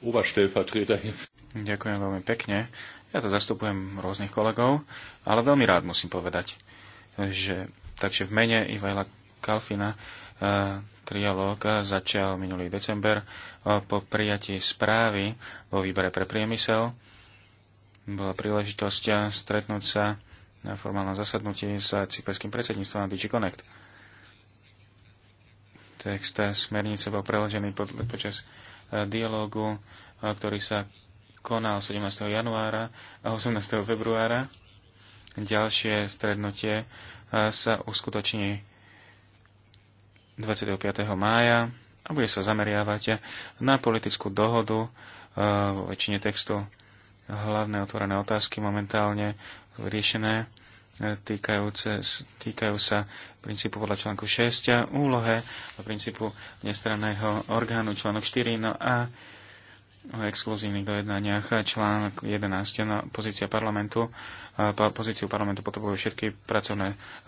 Oberstellvertreter hier. Ďakujem veľmi pekne. Ja to zastupujem rôznych kolegov, ale veľmi rád musím povedať, že takže v mene Ivajla Kalfina E, trialóg začal minulý december e, po prijatí správy vo výbere pre priemysel. Bola príležitosť stretnúť sa na formálnom zasadnutí s cyperským predsedníctvom na DigiConnect. Text smernice bol preložený pod, počas e, dialógu, ktorý sa konal 17. januára a 18. februára. Ďalšie strednutie sa uskutoční 25. mája a bude sa zameriavať na politickú dohodu e, v väčšine textu. Hlavné otvorené otázky momentálne riešené e, týkajúce, týkajú sa princípu podľa článku 6 a úlohe a princípu nestranného orgánu článok 4 no a o exkluzívnych dojednaniach článok 11 no, pozícia parlamentu. E, pozíciu parlamentu potrebujú všetky pracovné